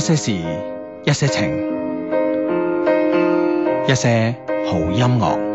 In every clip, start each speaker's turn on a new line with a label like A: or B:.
A: 一些事，一些情，一些好音樂。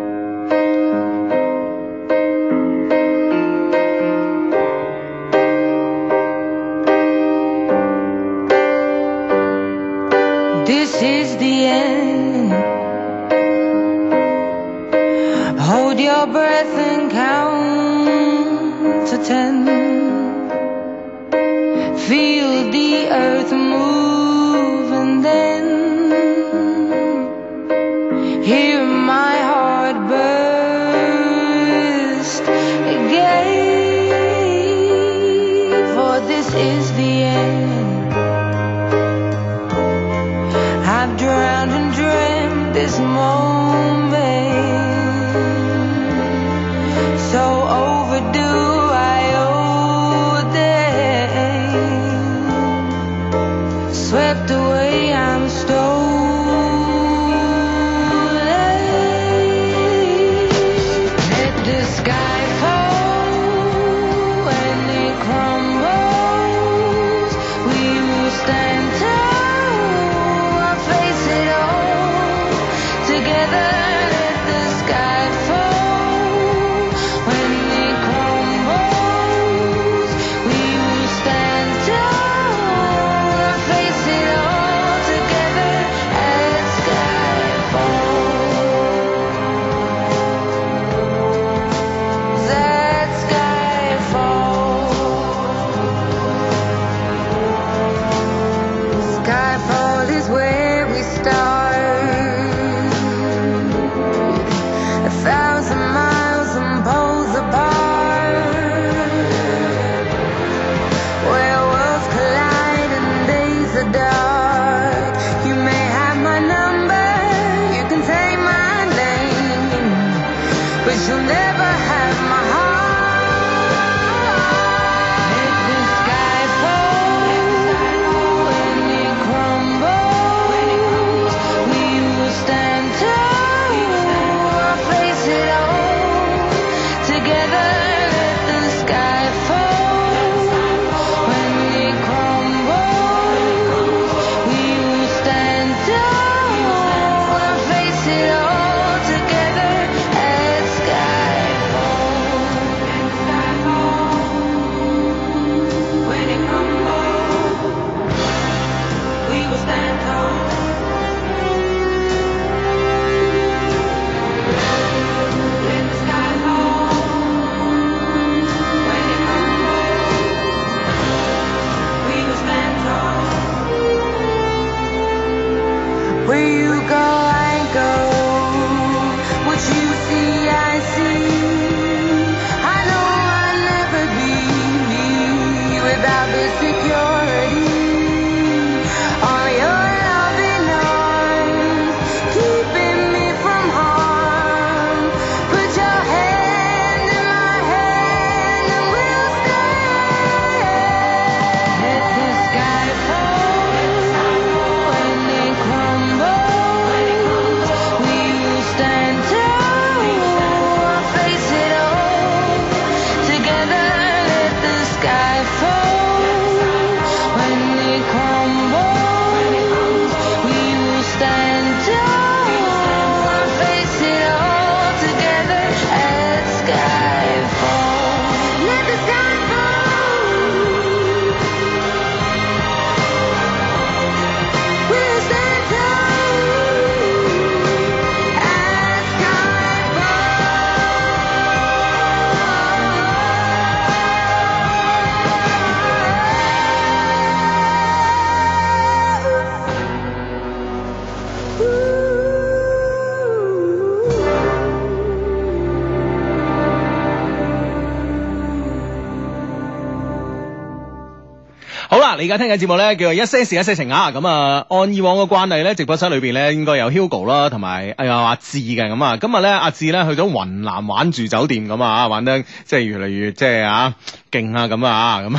A: 聽緊節目咧，叫做一些事一世，一些情啊。咁啊，按以往嘅慣例咧，直播室裏邊咧，應該有 Hugo 啦，同埋哎呀阿志嘅咁啊。今日咧，阿志咧去咗雲南玩住酒店咁啊，玩得即係越嚟越即係、就是、啊，勁啊咁啊咁。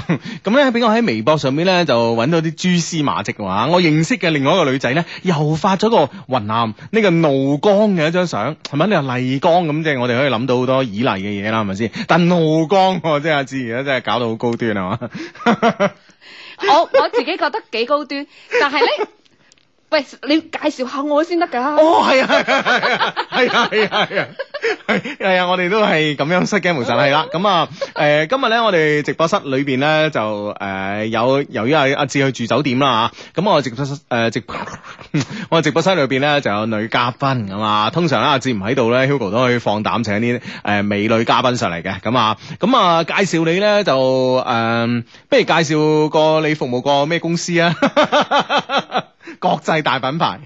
A: 咁咧、啊，俾我喺微博上邊咧就搵到啲蛛絲馬跡啊。我認識嘅另外一個女仔咧，又發咗個雲南呢、呢個怒江嘅一張相，係咪？你話麗江咁，即係我哋可以諗到好多綺麗嘅嘢啦，係咪先？但怒江，即係阿志而家真係搞到好高端啊！是
B: 我我自己覺得幾高端，但係咧。你介紹下我先得噶。哦，
A: 係啊，係啊，係啊，係 啊，係啊，係啊，係啊，啊，我哋都係咁樣失驚無神係啦。咁 啊，誒、呃，今日咧我哋直播室裏邊咧就誒、呃、有，由於阿阿志去住酒店啦吓，咁我直播室誒、呃、直，我、呃、直播室裏邊咧就有女嘉賓噶嘛，咁啊，通常咧阿志唔喺度咧，Hugo 都可以放膽請啲誒美女嘉賓上嚟嘅。咁啊，咁啊，介紹你咧就誒、呃，不如介紹個你服務過咩公司啊？ 國際， 國際大品牌，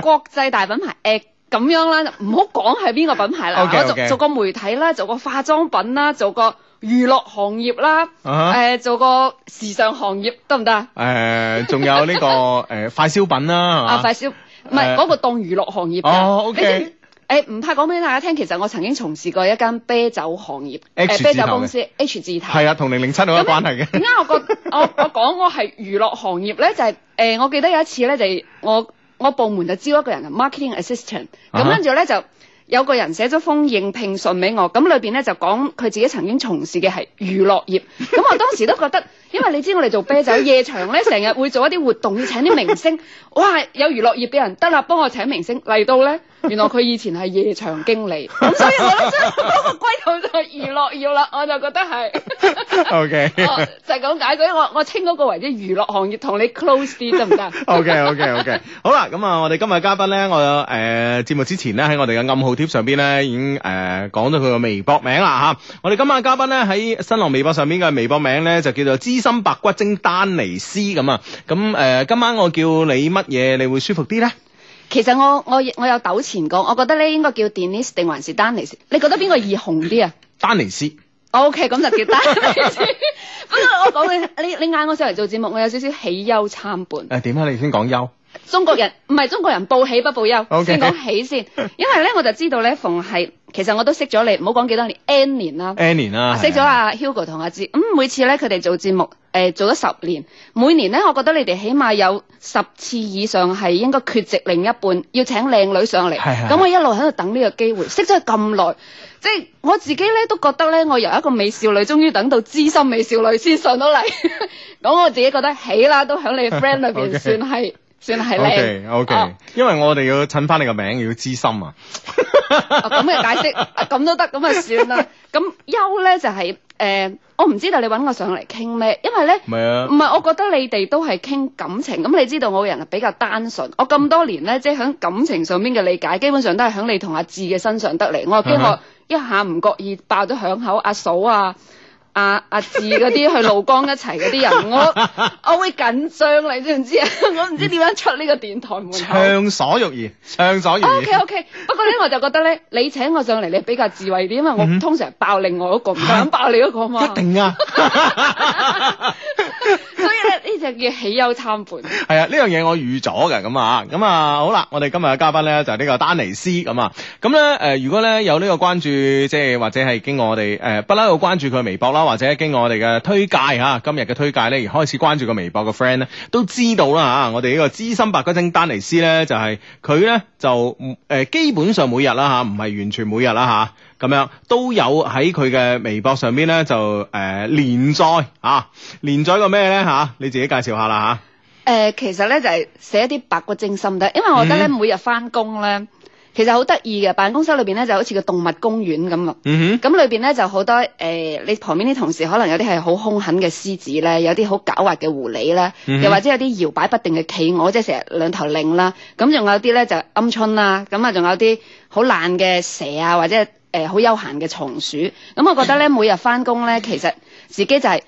B: 國際大品牌，誒咁樣啦，唔好講係邊個品牌啦，okay, okay. 我做個媒體啦，做個化妝品啦，做個娛樂行業啦，uh -huh. 呃、做個時尚行業得唔得？
A: 誒，仲、呃、有呢、呢個誒、 呃、快消品啦， 啊、快
B: 消唔係嗰個當娛樂行業嘅。Oh, okay. 誒、欸，唔怕講俾大家聽，其實我曾經從事過一間啤酒行業，誒、呃，啤酒公司，H 字頭，係啊，同零零七有關係嘅。點解我覺得 我我講我係娛樂行業咧？就係、是、誒、欸，我記得有一次咧，就是、我我部門就招一個人 marketing assistant，咁跟住咧就有個人寫咗封應聘信俾我，咁裏邊咧就講佢自己曾經從事嘅係娛樂業，咁 我當時都覺得，因為你知我哋做啤酒夜場咧，成日會做一啲活動，要請啲明星，哇，有娛樂業嘅人得啦，幫我請明星嚟到咧。 原來佢以前係夜場經理，咁所以我都將個歸就咗娛樂要啦，我就覺得係。O K，就係咁解，所以我我稱嗰個爲啲娛樂行業同你 close 啲得唔得？O K O K O K，
A: 好啦，咁啊，我哋今日嘉賓咧，我誒節目之前咧喺我哋嘅暗號貼上邊咧已經誒講咗佢嘅微博名啦吓，我哋今晚嘅嘉賓咧喺新浪微博上邊嘅微博名咧就叫做資深白骨精丹尼斯，咁啊，咁誒、呃、今晚我叫你乜嘢你會舒服啲咧？
B: 其實我我我有糾纏過，我覺得咧應該叫 Dennis 定還是丹尼斯？你覺得邊個易紅啲啊？丹尼斯。O K，咁就叫丹尼斯。 不過我講你，你你嗌我上嚟做節目，我有少少喜憂參半。
A: 誒點解你先講憂？
B: 中國人唔係中國人，報喜不報憂。Okay. 先講喜先，因為咧我就知道咧逢係，其實我都識咗你，唔好講幾多年 N 年啦。
A: N 年啦。識咗
B: 阿 Hugo 同阿志，咁每次咧佢哋做節目。誒、呃，做咗十年，每年呢，我覺得你哋起碼有十次以上係應該缺席另一半，要請靚女上嚟。係係。咁我一路喺度等呢個機會，識咗咁耐，即係我自己呢，都覺得呢，我由一個美少女，終於等到資深美少女先上到嚟。咁 我自己覺得起啦，都響你 friend 裏邊算係。 okay. 算啦係你，OK，OK，
A: 因為我哋要襯翻你個名，要知心啊。
B: 咁 嘅解釋，咁、 啊、都得，咁啊算啦。咁憂咧就係、是，誒、呃，我唔知道你搵我上嚟傾咩，因為咧，唔係、啊，唔係，我覺得你哋都係傾感情。咁你知道我個人係比較單純，我咁多年咧，即係喺感情上邊嘅理解，基本上都係喺你同阿志嘅身上得嚟。我驚我一下唔覺意爆咗響口，阿嫂啊。阿阿志嗰啲去老江一齊嗰啲人，我我會緊張，你知唔知啊？我唔知點樣出呢個電台門口。
A: 暢所欲言，暢所欲言。O K O
B: K，不過咧我就覺得咧， 你請我上嚟你比較智慧啲，因為我通常爆另外嗰個，唔 想爆你嗰個嘛。一定啊！ 所以咧呢就叫喜憂參半。
A: 係 啊，呢、這個、樣嘢我預咗嘅，咁啊，咁啊，好啦，我哋今日嘅嘉賓咧就呢、是、個丹尼斯咁啊，咁咧、啊，誒、呃，如果咧有呢個關注，即係或者係經過我哋誒不嬲有關注佢微博啦，或者經過我哋嘅推介吓、啊，今日嘅推介咧而開始關注個微博嘅 friend 咧，都知道啦吓、啊，我哋呢個資深白骨精丹尼斯咧就係佢咧就誒、呃、基本上每日啦吓，唔、啊、係完全每日啦吓。啊咁樣都有喺佢嘅微博上面咧，就誒、呃、連載啊，連載個咩咧嚇？你自己介紹下啦嚇。
B: 誒、呃，其實咧就係、是、寫一啲白骨精心得，因為我覺得咧、嗯、每日翻工咧其實好得意嘅，辦公室裏面咧就好似個動物公園咁，嗯、咁裏面咧就好多誒、呃，你旁邊啲同事可能有啲係好兇狠嘅獅子咧，有啲好狡猾嘅狐狸咧，又、嗯、或者有啲搖擺不定嘅企鵝，即係成日兩頭擰啦。咁仲有啲咧就鵪鶉啦，咁啊仲有啲好懶嘅蛇啊，或者。誒、呃、好悠閒嘅松鼠，咁、嗯、我覺得咧，每日返工咧，其實自己就係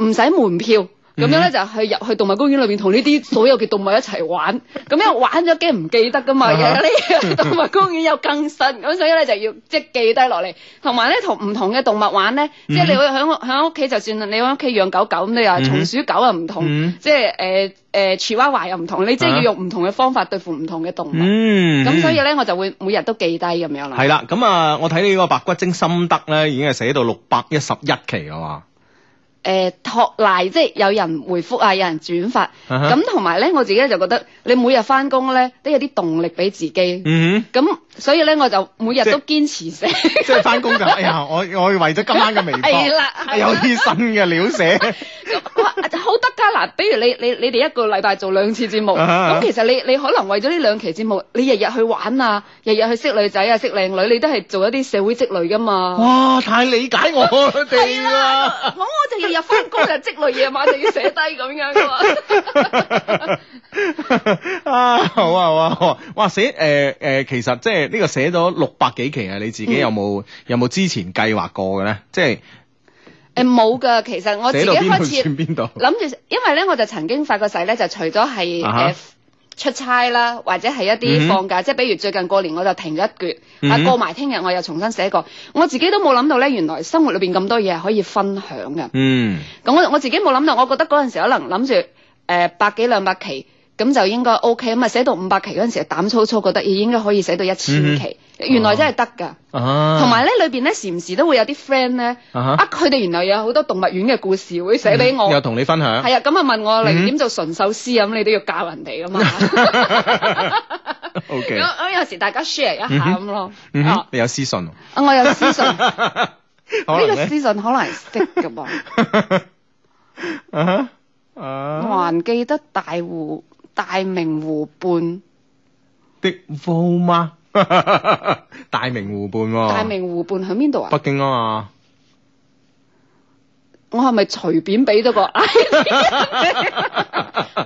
B: 唔使門票。咁、mm -hmm. 樣咧就去入去動物公園裏邊同呢啲所有嘅動物一齊玩，咁樣玩咗驚唔記得噶嘛？而家呢動物公園又更新，咁所以咧就要即係、就是、記低落嚟，呢同埋咧同唔同嘅動物玩咧，mm -hmm. 即係你會響響屋企就算你喺屋企養狗狗咁，你又松鼠狗又唔同，mm -hmm. 即係誒誒，土娃娃又唔同， 你即係要用唔同嘅方法對付唔同嘅動物。
C: 咁、mm -hmm. 所以
B: 咧我就會每日都記低咁樣啦。係
A: 啦，咁啊，我睇你呢個白骨精心得咧已經係寫到六百一十一期啦嘛。
B: 誒，托賴即係有人回復啊，有人轉發，咁同埋咧，我自己咧就覺得你每日翻工，咧都有啲動力俾自己，咁所以咧我就每日都堅持寫。即係翻工就哎呀，
A: 我我為咗今晚嘅微博，有啲新嘅料寫。
B: 哇，好得噶嗱，比如你你你哋一個禮拜做兩次節目，咁其實你你可能為咗呢兩期節目，你日日去玩啊，日日去識女仔啊，識靚女，你都係做一啲社會積累噶嘛。哇，太理解我哋啦。我我就要。
D: 日 日
A: 翻工又積累，夜晚就要寫低咁樣㗎嘛。 啊，好啊好啊，好啊，哇寫誒誒、呃呃，其實即係呢個寫咗六百幾期啊，你自己有冇有冇、嗯、之前計劃過嘅咧？即
B: 係誒冇㗎，其實我自己開始諗住，因為咧我就曾經發過誓咧，就除咗係出差啦，或者係一啲放假，mm -hmm. 即係比如最近過年我就停咗一橛，啊過埋聽日我又重新寫過。我自己都冇諗到咧，原來生活裏邊咁多嘢係可以分享嘅。嗯、
C: mm -hmm.，
B: 咁我我自己冇諗到，我覺得嗰陣時候可能諗住誒百幾兩百期。咁就應該 O K 啊嘛，寫到五百期嗰陣時，膽粗粗覺得咦應該可以寫到一千期，mm -hmm. 原來真係得
A: 㗎。
C: 同埋
B: 咧裏邊咧時唔時都會有啲 friend 咧，啊佢哋原來有好多動物園嘅故事會寫俾我，uh -huh. 又同你分享。係啊，咁啊問我嚟點做純手撕咁，uh -huh. 你都要教人哋㗎嘛。
C: O K，
B: 咁有時大家 share 一下咁咯。嗯、
A: uh -huh.，uh. 你有私信 我有私思信。呢個私
B: 信可能、這個、信難識
A: 㗎噃。啊哈，啊。還
B: 記得大戶？大明
A: 湖畔，的風嗎？ 大明湖畔，哦，大
B: 明湖畔響邊度啊？
A: 北京啊嘛。
B: 我係咪隨便俾到個？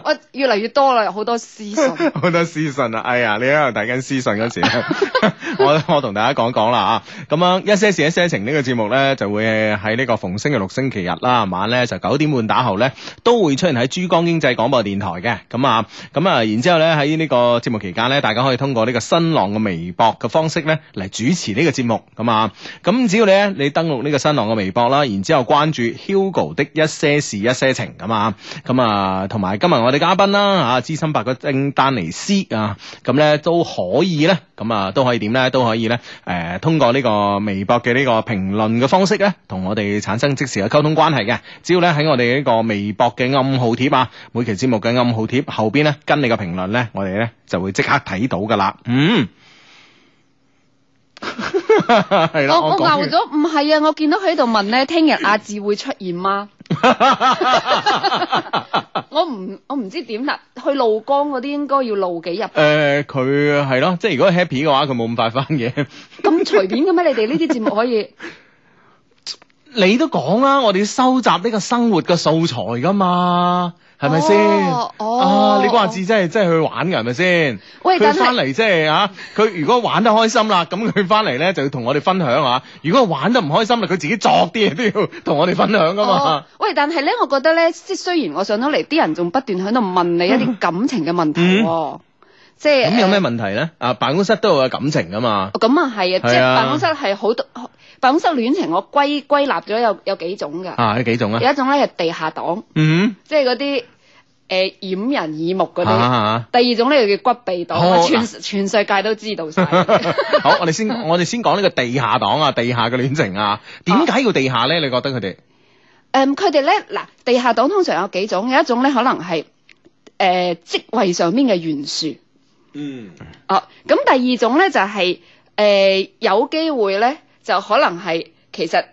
B: 我越嚟越多啦，好多私信，
A: 好 多私信啊！哎呀，你喺度睇緊私信嗰時 我，我我同大家講講啦啊！咁樣一些事一些情呢個節目咧，就會喺呢個逢星期六、星期日啦，晚咧就九點半打後咧，都會出現喺珠江經濟廣播電台嘅。咁啊，咁啊，然之後咧喺呢個節目期間咧，大家可以通過呢個新浪嘅微博嘅方式咧，嚟主持呢個節目。咁啊，咁只要你咧，你登錄呢個新浪嘅微博啦，然之後關注。Google 的一些事一些情咁啊，咁啊，同埋今日我哋嘉賓啦、啊，啊資深白骨精丹尼斯啊，咁咧都可以咧，咁啊都可以點咧，都可以咧，誒、啊呃，通過呢個微博嘅呢個評論嘅方式咧，同我哋產生即時嘅溝通關係嘅，只要咧喺我哋呢個微博嘅暗號貼啊，每期節目嘅暗號貼後邊咧，跟你嘅評論咧，我哋咧就會即刻睇到噶啦，嗯。
B: 係 咯，我我牛咗，唔係啊！我見到佢喺度問咧，聽日阿志會出現嗎？ 我唔我唔知點啦，去露江嗰啲應該要露幾日？
A: 誒、呃，佢係咯，即係如果 happy 嘅話，佢冇咁快返嘅。
B: 咁 隨便嘅咩？你哋呢啲節目可以？ 你都
A: 講啦，我哋要收集呢個生活嘅素材噶嘛。係咪先、哦哦？啊，你話志真係真係去玩噶，係咪先？喂，佢翻嚟即係啊！佢如果玩得開心啦，咁佢翻嚟咧就要同我哋分享啊！如果玩得唔開心啦，佢自己作啲嘢都要同我哋分享噶嘛，
B: 哦？喂，但係咧，我覺得咧，即係雖然我上到嚟，啲人仲不斷喺度問你一啲感情嘅問題，嗯、即係咁，嗯、有咩
A: 問題咧？啊，辦公室都有感情噶嘛？
B: 咁啊係啊，即係辦公室係好多。辦公室戀情，我歸歸納咗有有幾種㗎啊？有幾種咧？有、啊啊、一種咧係地下黨，嗯、mm -hmm.，即係嗰啲誒掩人耳目嗰啲、啊啊啊啊。第二種咧叫骨痺黨，oh, 全、啊、全，全世界都知道晒。
A: 好，我哋先我哋先講呢個地下黨啊，地下嘅戀情啊，點解要地下咧、啊？你覺得佢
B: 哋誒佢哋咧嗱？地下黨通常有幾種，有一種咧可能係誒、呃、職位上面嘅懸殊。嗯、mm. 啊，哦咁，第二種咧就係、是、誒、呃、有機會咧。就可能係其實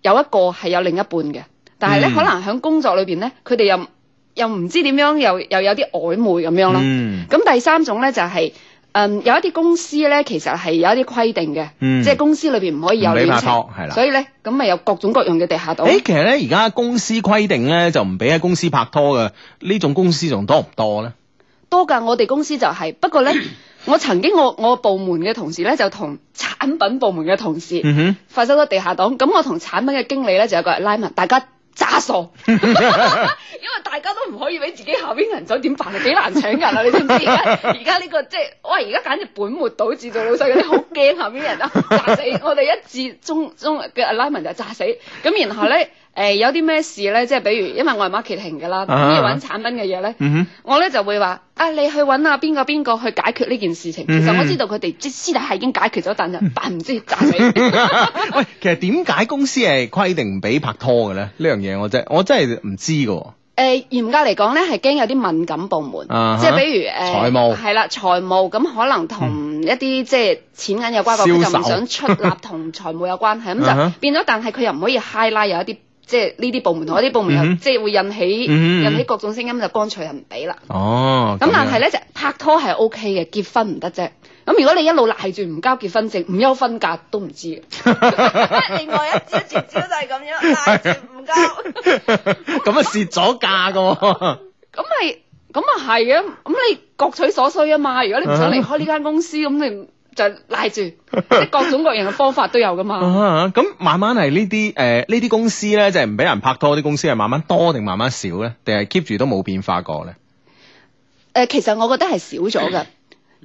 B: 有一個係有另一半嘅，但係咧，嗯、可能喺工作裏邊咧，佢哋又又唔知點樣，又又有啲曖昧咁樣咯。咁、嗯、第三種咧就係、是，嗯，有一啲公司咧其實係有一啲規定嘅、嗯，即係公司裏邊唔可以有，你拍拖係啦，所以咧咁咪有各種各樣嘅地下道。誒、欸，其
A: 實咧而家公司規定咧就唔俾喺公司拍拖噶，呢種公司仲多唔多咧？
B: 多噶，我哋公司就係、是，不過咧。 我曾經我我部門嘅同事咧就同產品部門嘅同事發生咗地下黨，咁、嗯、我同產品嘅經理咧就有個 alignment。大家炸傻， 因為大家都唔可以俾自己下邊人走，點辦啊？幾難請人啊！你知唔知？而家呢個即係哇！而家簡直本末倒置，做老細嗰啲好驚下邊人啊， 炸死！我哋一致中中嘅 alignment 就炸死，咁然後咧。 誒、呃、有啲咩事咧，即係比如因為我係 marketing 嘅啦，點去揾產品嘅嘢咧？Uh -huh. 我咧就會話啊，你去揾啊邊個邊個去解決呢件事情。Uh -huh. 其實我知道佢哋即係私底下已經解決咗， 但係唔知炸死。
A: 喂，其實點解公司係規定唔俾拍拖嘅咧？呢樣嘢我真係我真係唔知嘅。誒、
B: 呃、嚴格嚟講咧，係驚有啲敏感部門，uh
A: -huh.
C: 即係比如誒財務係
B: 啦，財務咁、嗯嗯嗯、可能同一啲即錢人係錢銀有瓜葛，咁就唔想出納同財務有關係，咁 就、uh -huh. 變咗。但係佢又唔可以 highlight 有一啲。即係呢啲部門，同一啲部門又、嗯嗯、即係會引起、嗯嗯嗯、引起各種聲音，就乾脆又唔俾啦。
C: 哦，咁但係咧
B: 就拍拖係 OK 嘅，結婚唔得啫。咁如果你一路賴住唔交結婚證，唔休婚假都唔知道。
A: 另外一招絕招就係咁
B: 樣賴住唔交。咁、 就是、啊蝕咗價噶喎！咁咪咁啊係嘅，咁你各取所需啊嘛。如果你唔想離開呢間公司，咁你。就拉住，即係各種各樣嘅方法都有㗎嘛、
A: 啊。咁慢慢係呢啲誒，呢啲公司咧，就係唔俾人拍拖啲公司係慢慢多定慢慢少咧，定係 keep 住都冇變化過咧？
B: 誒、呃，其實我覺得係少咗嘅。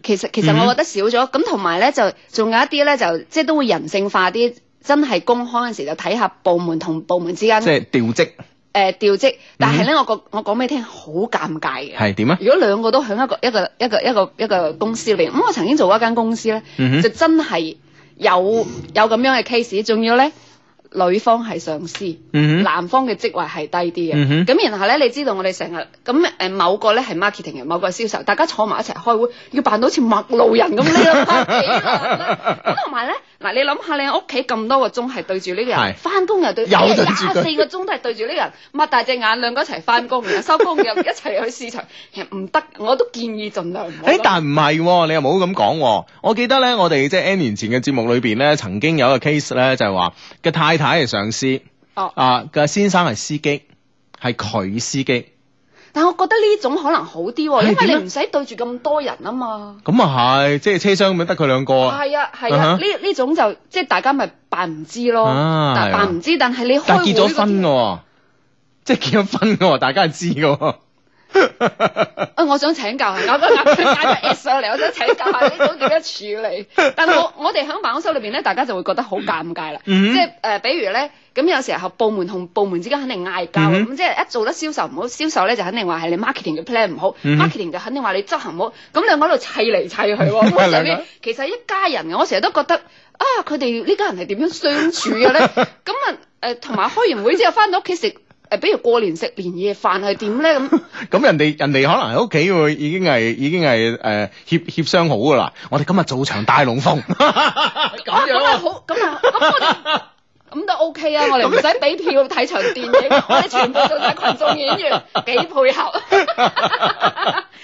B: 其實其實我覺得少咗。咁同埋咧，就仲有一啲咧，就即係、就是、都會人性化啲，真係公開嗰時候就睇下部門同部門之間即係調職。誒調職，但係咧，我覺我講俾你聽，好尷尬嘅。係點啊？如果兩個都喺一個一個一個一個一個公司裏邊，咁、嗯、我曾經做過一間公司咧、嗯，就真係有、嗯、有咁樣嘅 case，仲要咧女方係上司，嗯、男方嘅職位係低啲嘅。咁、嗯、然後咧，你知道我哋成日咁某個咧係 marketing 人，某個係銷售，大家坐埋一齊開會，要扮到好似陌路人咁， 起來 呢個咁同埋咧。嗱，你諗下，你屋企咁多個鐘係對住呢個人，翻工又對廿四個鐘都係對住呢個人，擘大隻眼兩個一齊翻工，收 工又一齊去市場，其實唔得，我都建議盡量。誒、哎，
A: 但唔係喎，你又冇咁講。我記得咧，我哋即係 N 年前嘅節目裏邊咧，曾經有一個 case 咧，就係話嘅太太係上司，哦、啊嘅先生係司機，係佢司機。
B: 但我覺得呢種可能好啲喎、哦，因為你唔使對住咁多人啊嘛。
A: 咁啊係，即係車廂咁得佢兩個。係
B: 啊係啊，呢呢、啊 uh -huh? 種就即係大家咪扮唔知咯。但係扮唔知，但係、啊、你開會嗰、
A: 那、啲、個哦，即係結咗婚喎，大家係知嘅、哦。
B: 哎、 呃，我想請教下，我個壓軸帶 S 上嚟，我想請教下呢種點樣處理？但係我我哋喺辦公室裏面咧，大家就會覺得好尷尬啦。Mm -hmm. 即係、呃、比如咧，咁有時候部門同部門之間肯定嗌交，咁、mm -hmm. 嗯、即係一做得銷售唔好，銷售咧就肯定話係你 marketing 嘅 plan 唔好、mm -hmm.，marketing 就肯定話你執行唔好，咁兩個喺度砌嚟砌去，咁、 嗯、其實一家人我成日都覺得啊，佢哋呢家人係點樣相處嘅咧？咁啊同埋開完會之後翻到屋企食。 誒，比如過年食年夜飯係點咧？咁
A: 咁人哋人哋可能喺屋企會已經係已經係誒協協商好噶啦，我哋今日做場大龍鳳
B: 咁樣，啊、啊、咁樣好，咁啊，咁我哋。 咁都 OK 啊！我哋唔使俾票睇場電影， 我哋全部都係群眾演員，幾配合。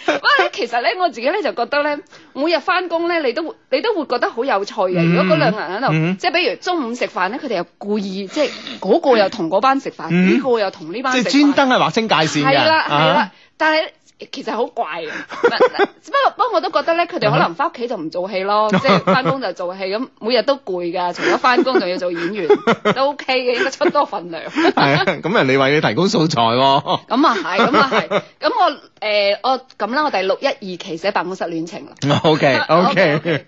B: 不過咧，其實咧，我自己咧就覺得咧，每日翻工咧，你都你都會覺得好有趣嘅。如果嗰兩個人喺度、嗯嗯，即係比如中午食飯咧，佢哋又故意即係嗰個又同嗰班食飯，呢、嗯呢個又同呢班食飯，嗯那個飯，即係專
A: 登係劃清界線㗎。係啦，係、uh、啦 -huh.，
B: 但係其實好怪，只不過不過我都覺得咧，佢哋可能翻屋企就唔做戲咯，即係翻工就做、是、戲，咁每日都攰噶，除咗翻工就要做演員都 OK 嘅，應該出多份量。
A: 係啊，咁人哋為你提供素材、哦。
B: 咁啊係，咁啊係，咁我誒我咁啦，我，我第六一二期寫辦公室戀情啦。
A: O K O K，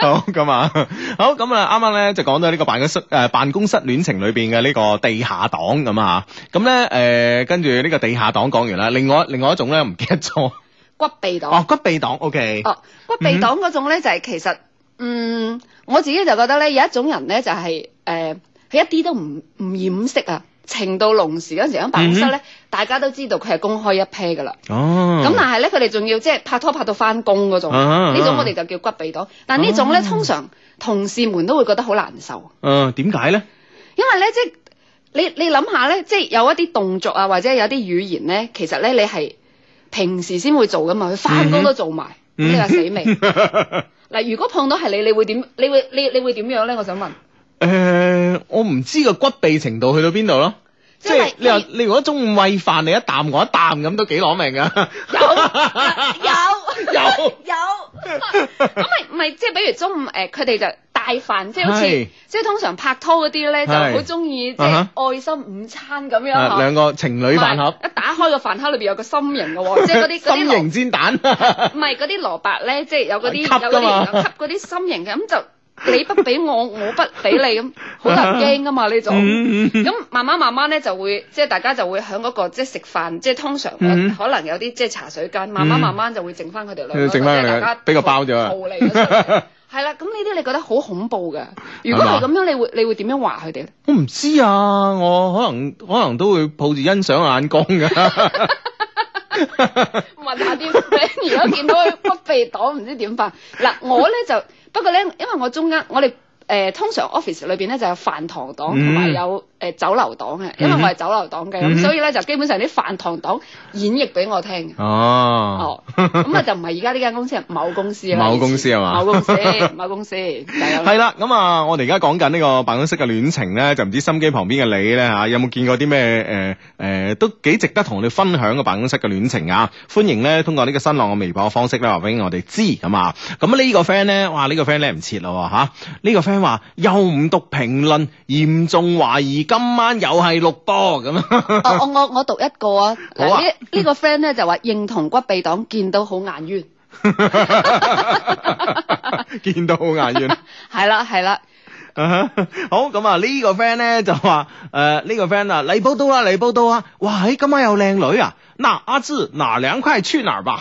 A: 好咁啊，好咁啊，啱啱咧就講到呢個辦公室誒辦公室戀情裏邊嘅呢個地下黨咁啊咁咧誒跟住呢個地下黨講完啦，另外另外一種咧唔。一錯
B: 骨鼻黨哦，
A: 骨鼻黨，O、OK、K 哦，
B: 骨鼻黨嗰種咧、嗯、就係、是、其實嗯，我自己就覺得咧有一種人咧就係、是、誒，佢、呃、一啲都唔唔掩飾啊，情到濃時嗰陣時喺辦公室咧、嗯，大家都知道佢係公開一 pair 噶啦哦，
C: 咁但係
B: 咧佢哋仲要即係拍拖拍到翻工嗰種呢、哦、種我哋就叫骨鼻黨，哦、但種呢種咧、哦、通常同事們都會覺得好難受。
A: 嗯、呃，點解咧？
B: 因為咧，即、就、係、是、你你諗下咧，即、就、係、是、有一啲動作啊，或者有啲語言咧，其實咧你係。平時先會做噶嘛，佢翻工都做埋，咁、嗯、你話死命。嗱， 如果碰到係你，你會點？你會你你會點樣咧？我想問。
A: 誒、呃，我唔知個骨痹程度去到邊度咯。即、就、係、是就是、你你如果中午餵飯，你一啖我一啖咁，都幾攞命噶。
B: 有有有、 啊、有，咁咪即係比如中午誒，佢哋就。飯即係好似，即係通常拍拖嗰啲咧就好中意即係愛心午餐咁樣嗬。兩、uh -huh, 個情侶飯盒，一打開個飯盒裏邊有個心形嘅喎， 即係嗰啲心形煎蛋。唔係嗰啲蘿蔔咧， 即係有嗰啲有嗰啲吸嗰啲心形嘅，咁 就你不俾我，我不俾你咁，好難驚噶嘛呢種。咁、uh -huh, uh -huh. 慢慢慢慢咧就會，即係大家就會響嗰、那個即係食飯，即係通常可能有啲、uh -huh. 即係茶水間，慢慢慢慢就會剩翻佢哋兩， 即係大家俾個包咗啊。 係啦，咁呢啲你覺得好恐怖嘅。如果係咁樣，你會你會點樣話佢哋咧？
A: 我唔知啊，我可能可能都會抱住欣賞眼光嘅
B: 問下啲 friend，而家見到骨肥黨唔知點辦？嗱，我咧就不過咧，因為我中間我哋、呃、通常 office 裏邊咧就有飯堂黨同埋、嗯、有，有。誒、欸、酒樓黨嘅，因為我係酒樓黨嘅，咁、嗯、所以咧就基本上啲飯堂黨演繹俾我聽、
A: 啊。哦，咁
B: 啊就唔係而家呢間公司係某公司啦。某公司係
A: 嘛？某公司，
B: 某公司 某公司，某公司。係啦，
A: 咁啊，我哋而家講緊呢個辦公室嘅戀情咧，就唔知心機旁邊嘅你咧嚇有冇見過啲咩誒誒都幾值得同我哋分享嘅辦公室嘅戀情啊？歡迎咧通過呢個新浪嘅微博方式咧，話俾我哋知咁、這個、啊。咁、這、呢個 friend 咧，哇呢個 friend 咧唔切咯嚇，呢個 friend 話又唔讀評論，嚴重懷疑。今晚又係六波咁啊！我我
B: 我我讀一個啊！呢呢、啊，這個 friend 咧，就話認同骨痹黨，見到好眼冤 ，
A: 見到很、 uh -huh. 好眼冤。
B: 係啦係啦。
A: 好咁啊！呢、這個 friend 咧，就話誒呢個 friend 啊嚟報到啦，嚟報到啊！哇今晚有靚女啊！嗱阿芝，嗱兩塊穿下吧。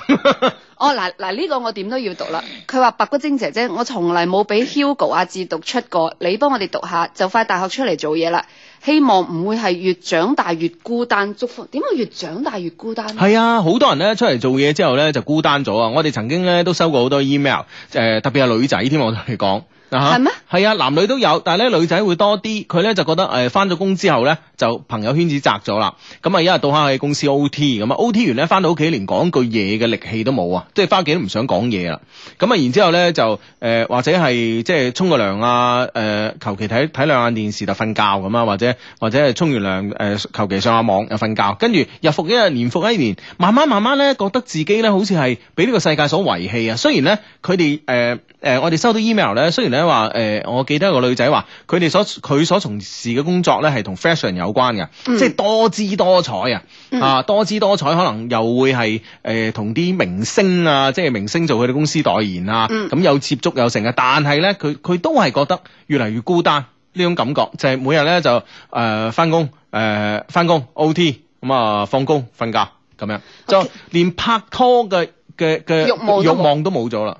B: 哦嗱嗱呢個我點都要讀啦！佢話白骨精姐姐，我從來冇俾 Hugo 阿志讀出過，你幫我哋讀下，就快大學出嚟做嘢啦。希望唔會係越長大越孤單，祝福。點會越長大越孤單咧？係
A: 啊，好多人咧出嚟做嘢之後咧就孤單咗啊！我哋曾經咧都收過好多 email，誒、呃，特別係女仔添，我同你講。啊係咩？係啊，男女都有，但係咧女仔會多啲。佢咧就覺得誒，翻咗工之後咧就朋友圈子窄咗啦。咁啊，一日到黑喺公司 OT 咁啊，OT 完咧翻到屋企連講句嘢嘅力氣都冇啊，即係翻屋企都唔想講嘢啦。咁啊，然之後咧就誒、呃，或者係即係沖個涼啊，誒、呃，求其睇睇兩眼電視就瞓覺咁啊，或者或者係沖完涼誒，求、呃、其上下網又瞓覺，跟住日復一日，年復一年，慢慢慢慢咧覺得自己咧好似係俾呢個世界所遺棄啊。雖然咧佢哋誒。誒、呃，我哋收到 email 咧，雖然咧話，誒、呃，我記得一個女仔話，佢哋所佢所從事嘅工作咧係同 fashion 有關嘅、嗯，即係多姿多彩啊、嗯，啊，多姿多彩，可能又會係誒同啲明星啊，即係明星做佢哋公司代言啊，咁、嗯、有接觸有成啊，但係咧，佢佢都係覺得越嚟越孤單呢種感覺，就係、是、每日咧就誒返工，誒返工 OT，咁啊放工瞓覺咁樣，okay. 就連拍拖嘅嘅嘅欲望都冇咗啦。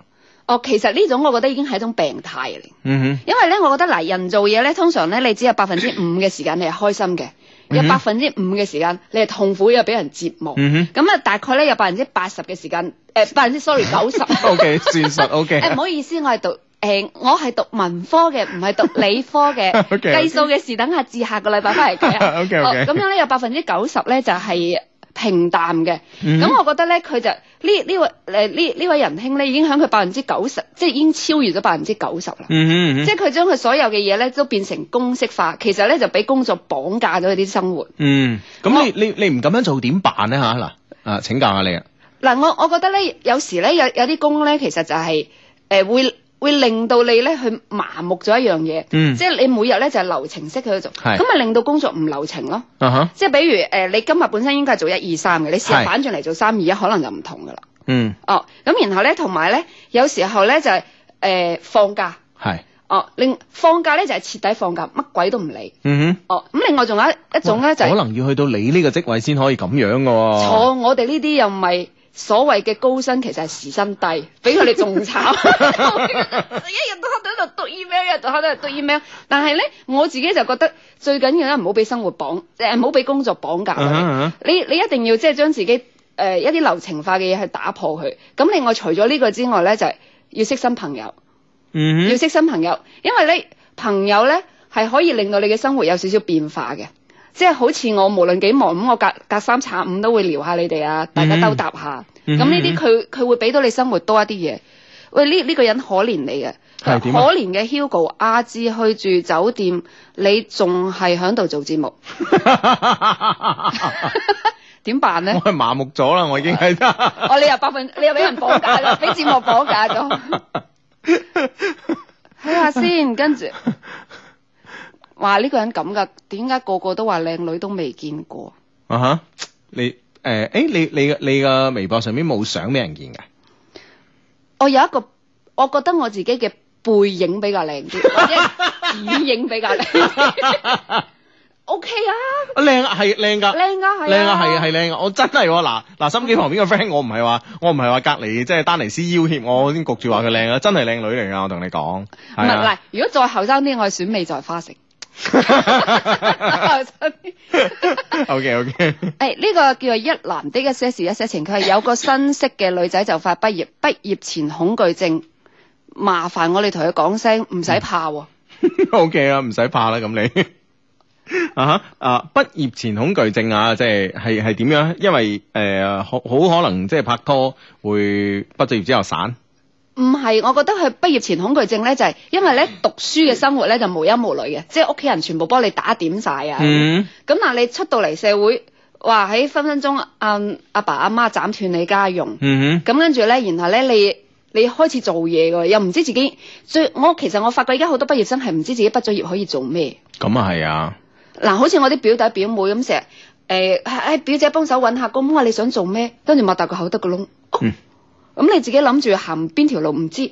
B: 哦，其實呢種我覺得已經係一種病態嚟。嗯哼。因為咧，我覺得嚟人做嘢咧，通常咧，你只有百分之五嘅時間你係開心嘅，有百分之五嘅時間你係痛苦又俾人折磨。嗯哼。咁啊，大概咧有百分之八十嘅時間，誒，百分之 sorry，九十。嗯嗯呃、 o、okay, K，事實 O K。誒、okay. 欸，唔好意思，我係讀誒、呃，我係讀文科嘅，唔係讀理科嘅。計 數、okay, okay. 計數嘅事等下至下個禮拜翻嚟計。O K O K。咁樣咧，有百分之九十咧就係、是。平淡嘅，咁我覺得咧，佢就、呃、呢呢位呢呢位仁兄咧，已經響佢百分之九十，即係已經超越咗百分之九十啦。即係佢將佢所有嘅嘢咧，都變成公式化，其實咧就俾工作綁架咗佢啲生活。
A: 嗯，咁你你你唔咁樣做點辦咧吓，嗱？啊，請教下
B: 你啊。嗱，我我覺得咧，有時咧有有啲工咧，其實就係、是、誒、呃、會。會令到你咧去麻木咗一樣嘢，嗯、即係你每日咧就係、是、流程式去做，咁咪令到工作唔流程咯。Uh -huh、即係比如誒、呃，你今日本身應該係做一二三嘅，你試下反轉嚟做三二一，可能就唔同噶啦。
D: 嗯、
B: 哦，咁然後咧，同埋咧，有時候咧就係、是、誒、呃、放假。係。哦，另放假咧就係、是、徹底放假，乜鬼都唔理。嗯哼。哦，咁另外仲有一一種咧就係呃、可
A: 能要去到你呢個職位先可以咁樣噶、啊。錯，
B: 我哋呢啲又唔係。所謂嘅高薪其實係時薪低，比佢哋仲慘。一日都喺度喺度讀 email，一日都喺度讀 email。但係咧，我自己就覺得最緊要咧，唔好俾生活綁，誒唔好俾工作綁架、uh -huh. 你。你一定要即係將自己誒、呃、一啲流程化嘅嘢去打破佢。咁另外除咗呢個之外咧，就係、要識新朋友。嗯、uh -huh.，要識新朋友，因為你朋友咧係可以令到你嘅生活有少少變化嘅。即係好似我無論幾忙咁，我隔隔三差五都會撩下你哋啊、嗯，大家兜答下。咁呢啲佢佢會俾到你生活多一啲嘢。喂，呢、呢、呢個人可憐你嘅、啊，可憐嘅 Hugo 阿、啊、芝去住酒店，你仲係喺度做節目，點 辦咧？我
A: 係麻木咗啦，我已經係。
B: 我你又百分，你又俾人綁架啦，俾 節目綁架咗。睇 下先，跟住。話呢個人咁噶，點解個個都話靚女都未見過
A: 啊？吓你誒，誒，你你你個微博上面冇相俾人
B: 見嘅見噶？我有一個，我覺得我自己嘅背影比較靚啲，或者影比較靚，O K 啊，靚係靚噶，靚啊係啊，係啊係
A: 靚啊！我真係嗱嗱心機旁邊嘅 friend，我唔係話我唔係話隔籬即係丹尼斯要挾我先焗住話佢靚啊，真係靚女嚟噶！我同你講，唔係
B: 嗱，如果再後生啲，我選美就係花城。
A: Ok，Ok，Okay, okay,
B: 誒、 哎，呢、這個叫做一男的一些事一些情，佢係有個新識嘅女仔就快畢業，畢業前恐懼症，麻煩我哋同佢講聲，唔使怕、哦。
A: o、okay, K、 uh -huh, 啊，唔使怕啦，咁你啊吓啊，畢業前恐懼症啊，即係係係點樣？因為誒，好、呃、可能即係拍拖會畢咗業之後散。
B: 唔係，我覺得佢畢業前恐懼症咧，就係、是、因為咧讀書嘅生活咧就無憂無慮嘅，即係屋企人全部幫你打點晒啊。咁、嗯、但你出到嚟社會，哇喺分分鐘阿阿爸阿媽斬斷你家用。咁跟住咧，然後咧你你開始做嘢嘅，又唔知自己最我其實我發覺而家好多畢業生係唔知自己畢咗業可以做咩。
A: 咁啊係啊！
B: 嗱，好似我啲表弟表妹咁成日誒誒表姐幫手揾下工，啊，你想做咩，跟住擘大個口得個窿。哦嗯咁你自己諗住行邊條路唔知，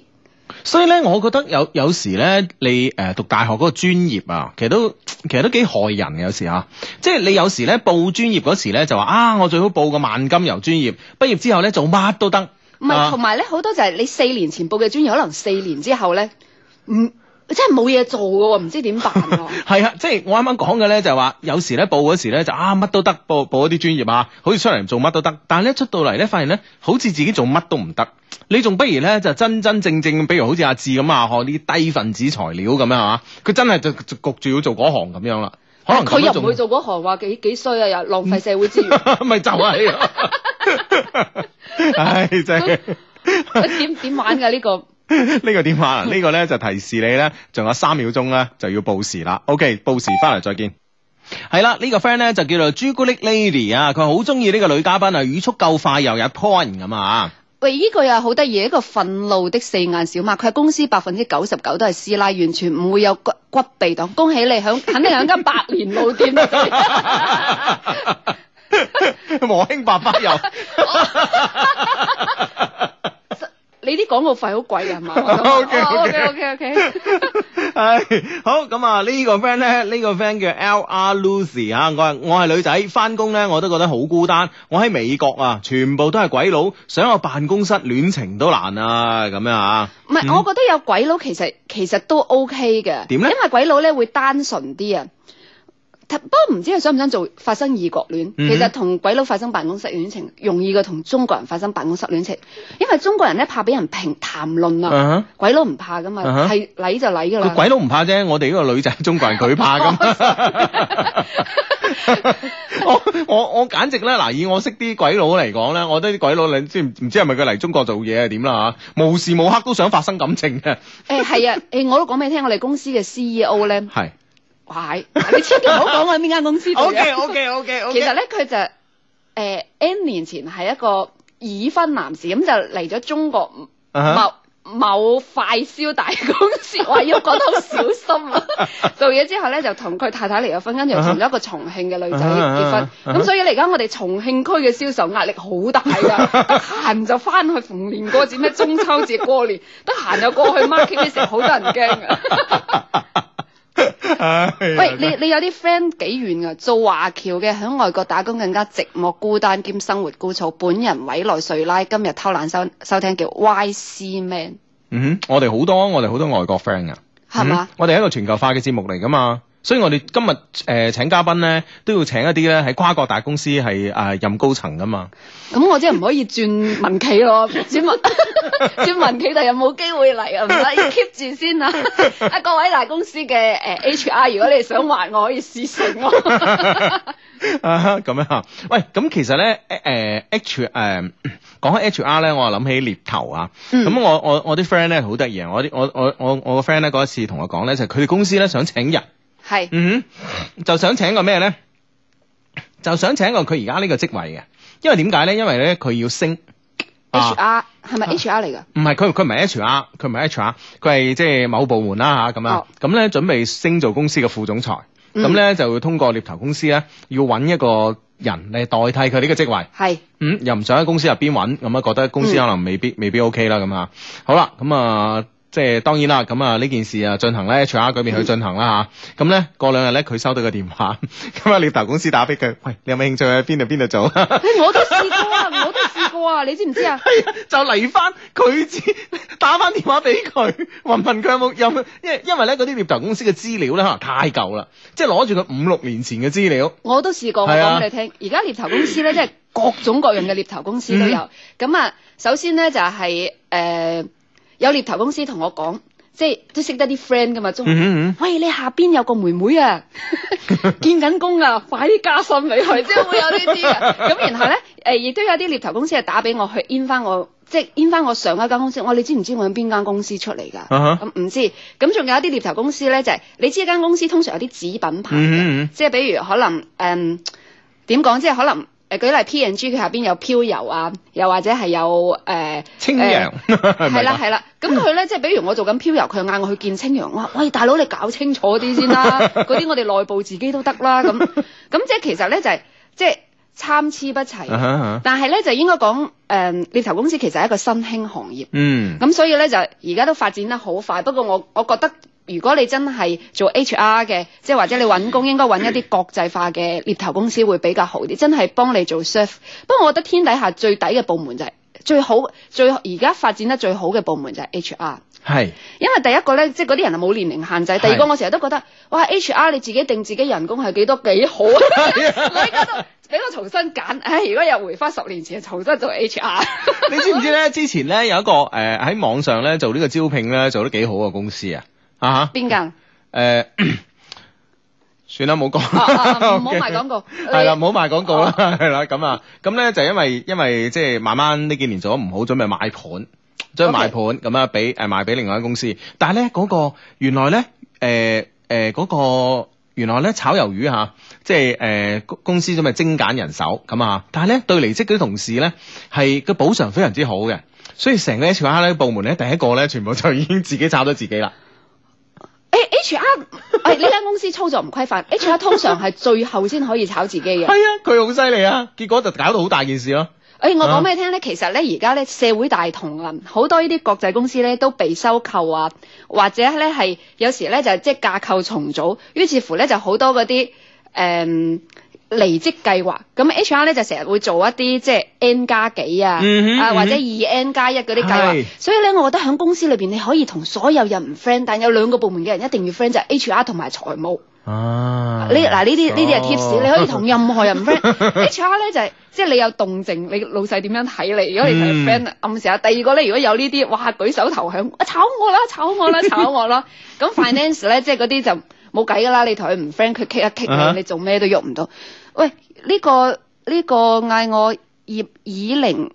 A: 所以咧，我覺得有有時咧，你誒、呃、讀大學嗰個專業啊，其實都其實都幾害人嘅，有時啊，即係你有時咧報專業嗰時咧就話啊，我最好報個萬金油專業，畢業之後咧做乜都得。
B: 唔、啊、係，同埋咧好多就係你四年前報嘅專業，可能四年之後咧，嗯。真係冇嘢做嘅喎，唔知點辦
A: 啊！係 啊，即係我啱啱講嘅咧，就係話有時咧報嗰時咧就啊乜都得，報、啊、報，報一啲專業啊，好似出嚟做乜都得。但係咧出到嚟咧，發現咧好似自己做乜都唔得。你仲不如咧就真真正正，比如好似阿志咁啊，學啲低分子材料咁樣啊。佢真係就焗住要做嗰行咁樣啦。可能佢又唔會做嗰
B: 行，話幾幾衰啊，又浪費
A: 社會資源。咪就係，唉真係。
B: 點點玩嘅呢、啊 這個？
A: 這個，呢個電話，呢、這個呢就提示你呢，仲有三秒鐘呢，就要報時啦。OK，報時翻嚟再見。係啦，這個、呢個 friend 呢就叫做朱古力 lady 啊，佢好中意呢個女嘉賓啊，語速夠快又有 point 咁啊。
B: 喂，呢、這個又係好得意，一個憤怒的四眼小馬，佢係公司百分之九十九都係師奶，完全唔會有骨骨鼻檔。恭喜你響，肯定響間百年老店。 和興白花油。
A: 廣告費好貴啊，係嘛？O K O K O K O K 係好咁啊，呢、這個 friend 咧，呢個 friend 叫 L R Lucy 啊。我我係女仔，翻工咧我都覺得好孤單，我喺美國啊，全部都係鬼佬，想個辦公室戀情都難啊，咁樣啊？
B: 唔、嗯、係，我覺得有鬼佬其實其實都 O K 嘅，點咧？因為鬼佬咧會單純啲啊。不過唔知佢想唔想做發生異國戀？其實同鬼佬發生辦公室戀情容易過同中國人發生辦公室戀情，因為中國人咧怕俾人評談論啊，鬼佬唔怕噶嘛，係、uh -huh. 禮就禮。噶啦。
A: 鬼佬唔怕啫，我哋呢個女仔中國人佢怕噶嘛。我 我我，我簡直咧，嗱以我識啲鬼佬嚟講咧，我覺得啲鬼佬你知唔知係咪佢嚟中國做嘢係點啦吓，無時無刻都想發生感情
B: 嘅。誒 係、哎、啊，誒我都講俾你聽，我哋公司嘅 C E O 咧係。係，你千祈唔好講喺呢間公司 OK OK OK OK，其實咧佢就誒 N 年前係一個已婚男士，咁就嚟咗中國某某快消大公司。我要講得好小心啊。做嘢之後咧就同佢太太離咗婚，跟住又同咗一個重慶嘅女仔結婚。咁所以嚟緊我哋重慶區嘅銷售壓力好大噶，得閒就翻去逢年過節，咩中秋節、過年，得閒就過去 market 啲事，好多人驚啊！ 喂， 你你有啲 friend 幾遠啊，做華僑嘅喺外國打工更加寂寞孤單兼生活枯燥。本人委內瑞拉，今日偷懶收收聽叫 Y C Man。嗯
A: 哼，我哋好多我哋好多外國 friend 噶，係、嗯、嘛？我哋係一個全球化嘅節目嚟噶嘛。所以我哋今日誒、呃、請嘉賓咧，都要請一啲咧喺跨國大公司係、呃、任高層噶嘛。
B: 咁、嗯、我即係唔可以轉民企咯，轉 民轉民企但 有冇機會嚟啊？唔使 keep 住
A: 先啊！啊 各位大公司嘅、呃、H R，如果你哋想話，我 可以試試我。咁、 啊、樣啊，喂，咁、嗯、其實咧誒、呃、H 誒、呃、講開 H R 咧，我諗起獵頭啊。咁、嗯、我我我啲 friend 咧好得意啊！我啲我我我我個 friend 咧嗰一次同我講咧，就係佢哋公司咧想請人。係，嗯哼就想請個咩咧？就想請個佢而家呢個職位嘅，因為點解咧？因為咧佢要升，H R 係咪 H R 嚟㗎？唔係、啊，佢佢唔係 H R，佢唔係 H R，佢係即係某部門啦吓，咁啊，咁咧、哦、準備升做公司嘅副總裁，咁咧、嗯、就通過獵頭公司咧，要搵一個人嚟代替佢呢個職位，係，嗯，又唔想喺公司入邊搵，咁啊覺得公司可能未必、嗯、未必 OK 啦，咁啊，好啦，咁、嗯、啊。即係當然啦，咁啊呢件事進呢進 啊進行咧，除下改變去進行啦吓。咁咧過兩日咧，佢收到個電話，咁啊獵頭公司打俾佢，喂，你有冇興趣喺邊度邊度做、欸？
B: 我都試過啊， 我都試過，啊、 過啊，你知唔知啊？係啊，
A: 就嚟翻佢接，打翻電話俾佢，問問佢有冇有冇？因為因為咧嗰啲獵頭公司嘅資料咧可能、啊、太舊啦，即係攞住佢五六年前嘅資料。
B: 我都試過，啊、我講俾你聽。而家獵頭公司咧，即係各種各樣嘅獵頭公司都有。咁、 嗯、啊，首先咧就係、是、誒。呃有獵頭公司同我講，即係都識得啲 friend 噶嘛，中，mm -hmm. 喂，你下邊有個妹妹啊， 見緊工啊，快啲加薪俾佢。即係會有呢啲嘅。咁 然後咧，誒亦都有啲獵頭公司係打俾我去 in 翻我，即係 in 翻我上一間公司。我、哦、你知唔知我喺邊間公司出嚟㗎？咁、uh、唔 -huh. 嗯、知。咁仲有一啲獵頭公司咧，就係、是、你知一間公司通常有啲紙品牌嘅，mm -hmm. 即係比如可能誒點講？即係可能。.誒舉例 P&G 佢下邊有漂游啊，又或者係有誒清揚，係啦係啦，咁佢咧即係比如我做緊漂游，佢嗌我去見清揚，我話喂大佬你搞清楚啲先啦、啊，嗰 啲我哋內部自己都得啦咁咁，即係其實咧就係即係參差不齊， 但係咧就應該講誒，獵頭公司其實係一個新興行業，
C: 嗯，咁
B: 所以咧就而家都發展得好快，不過我我覺得。如果你真係做 HR 嘅，即係或者你揾工，應該揾一啲國際化嘅獵頭公司會比較好啲。真係幫你做 search。不過我覺得天底下最抵嘅部門就係，是，最好最而家發展得最好嘅部門就係 HR。係。因為第一個呢，即係嗰啲人冇年齡限制，第二個我成日都覺得，哇，HR 你自己定自己人工係幾多幾好啊！你而 家 都俾我重新揀，哎，如果有回翻十年前，重新做 HR。 你知唔知呢？
A: 之前呢，有一個誒喺網上呢做呢個招聘呢，做得幾好嘅公司啊！啊！邊間？誒，算啦，冇講。唔好賣廣告，係啦，唔好賣廣告啦，係啦，咁啊，咁咧就因為因為即係慢慢呢幾年做得唔好，準備賣盤，準備賣盤咁啊，俾誒賣俾另外間公司。但係咧嗰個原來咧誒誒嗰個原來咧炒魷魚吓，即係誒公司準備精簡人手咁啊。但係咧對離職啲同事咧係個補償非常之好嘅，所以成個 HR 咧部門咧第一個咧全部就已經自己炒咗自己啦。
B: H R、 啊，係呢間公司操作唔規範。 HR 通常係最後先可以炒自己嘅。係 啊，
A: 佢好犀利啊！結果就搞到好大件事咯，啊
B: 欸。我講俾你聽咧，其實咧而家咧社會大同啊，好多呢啲國際公司咧都被收購啊，或者咧係有時咧就係即係架構重組，於是乎咧就好多嗰啲離職計劃咁 H R 咧就成日會做一啲即係 N 加幾啊，嗯、啊或者二 N 加一嗰啲計劃，所以咧我覺得響公司裏邊你可以同所有人唔 friend，但有兩個部門嘅人一定要 friend 就係、是、H R 同埋財務。啊，嗱呢啲呢啲係 tips，你可以同任何人 friend，H R 咧就係即係你有動靜，你老細點樣睇你？如果你同人 friend 暗示下，第二個咧如果有呢啲，哇舉手投降，啊炒我啦，炒我啦，炒我啦，咁 finance 咧即係嗰啲就。冇計噶啦，你同佢唔 friend，佢傾一傾你，uh -huh. 你做咩都喐唔到。喂，呢個呢個嗌我葉以，以玲，誒、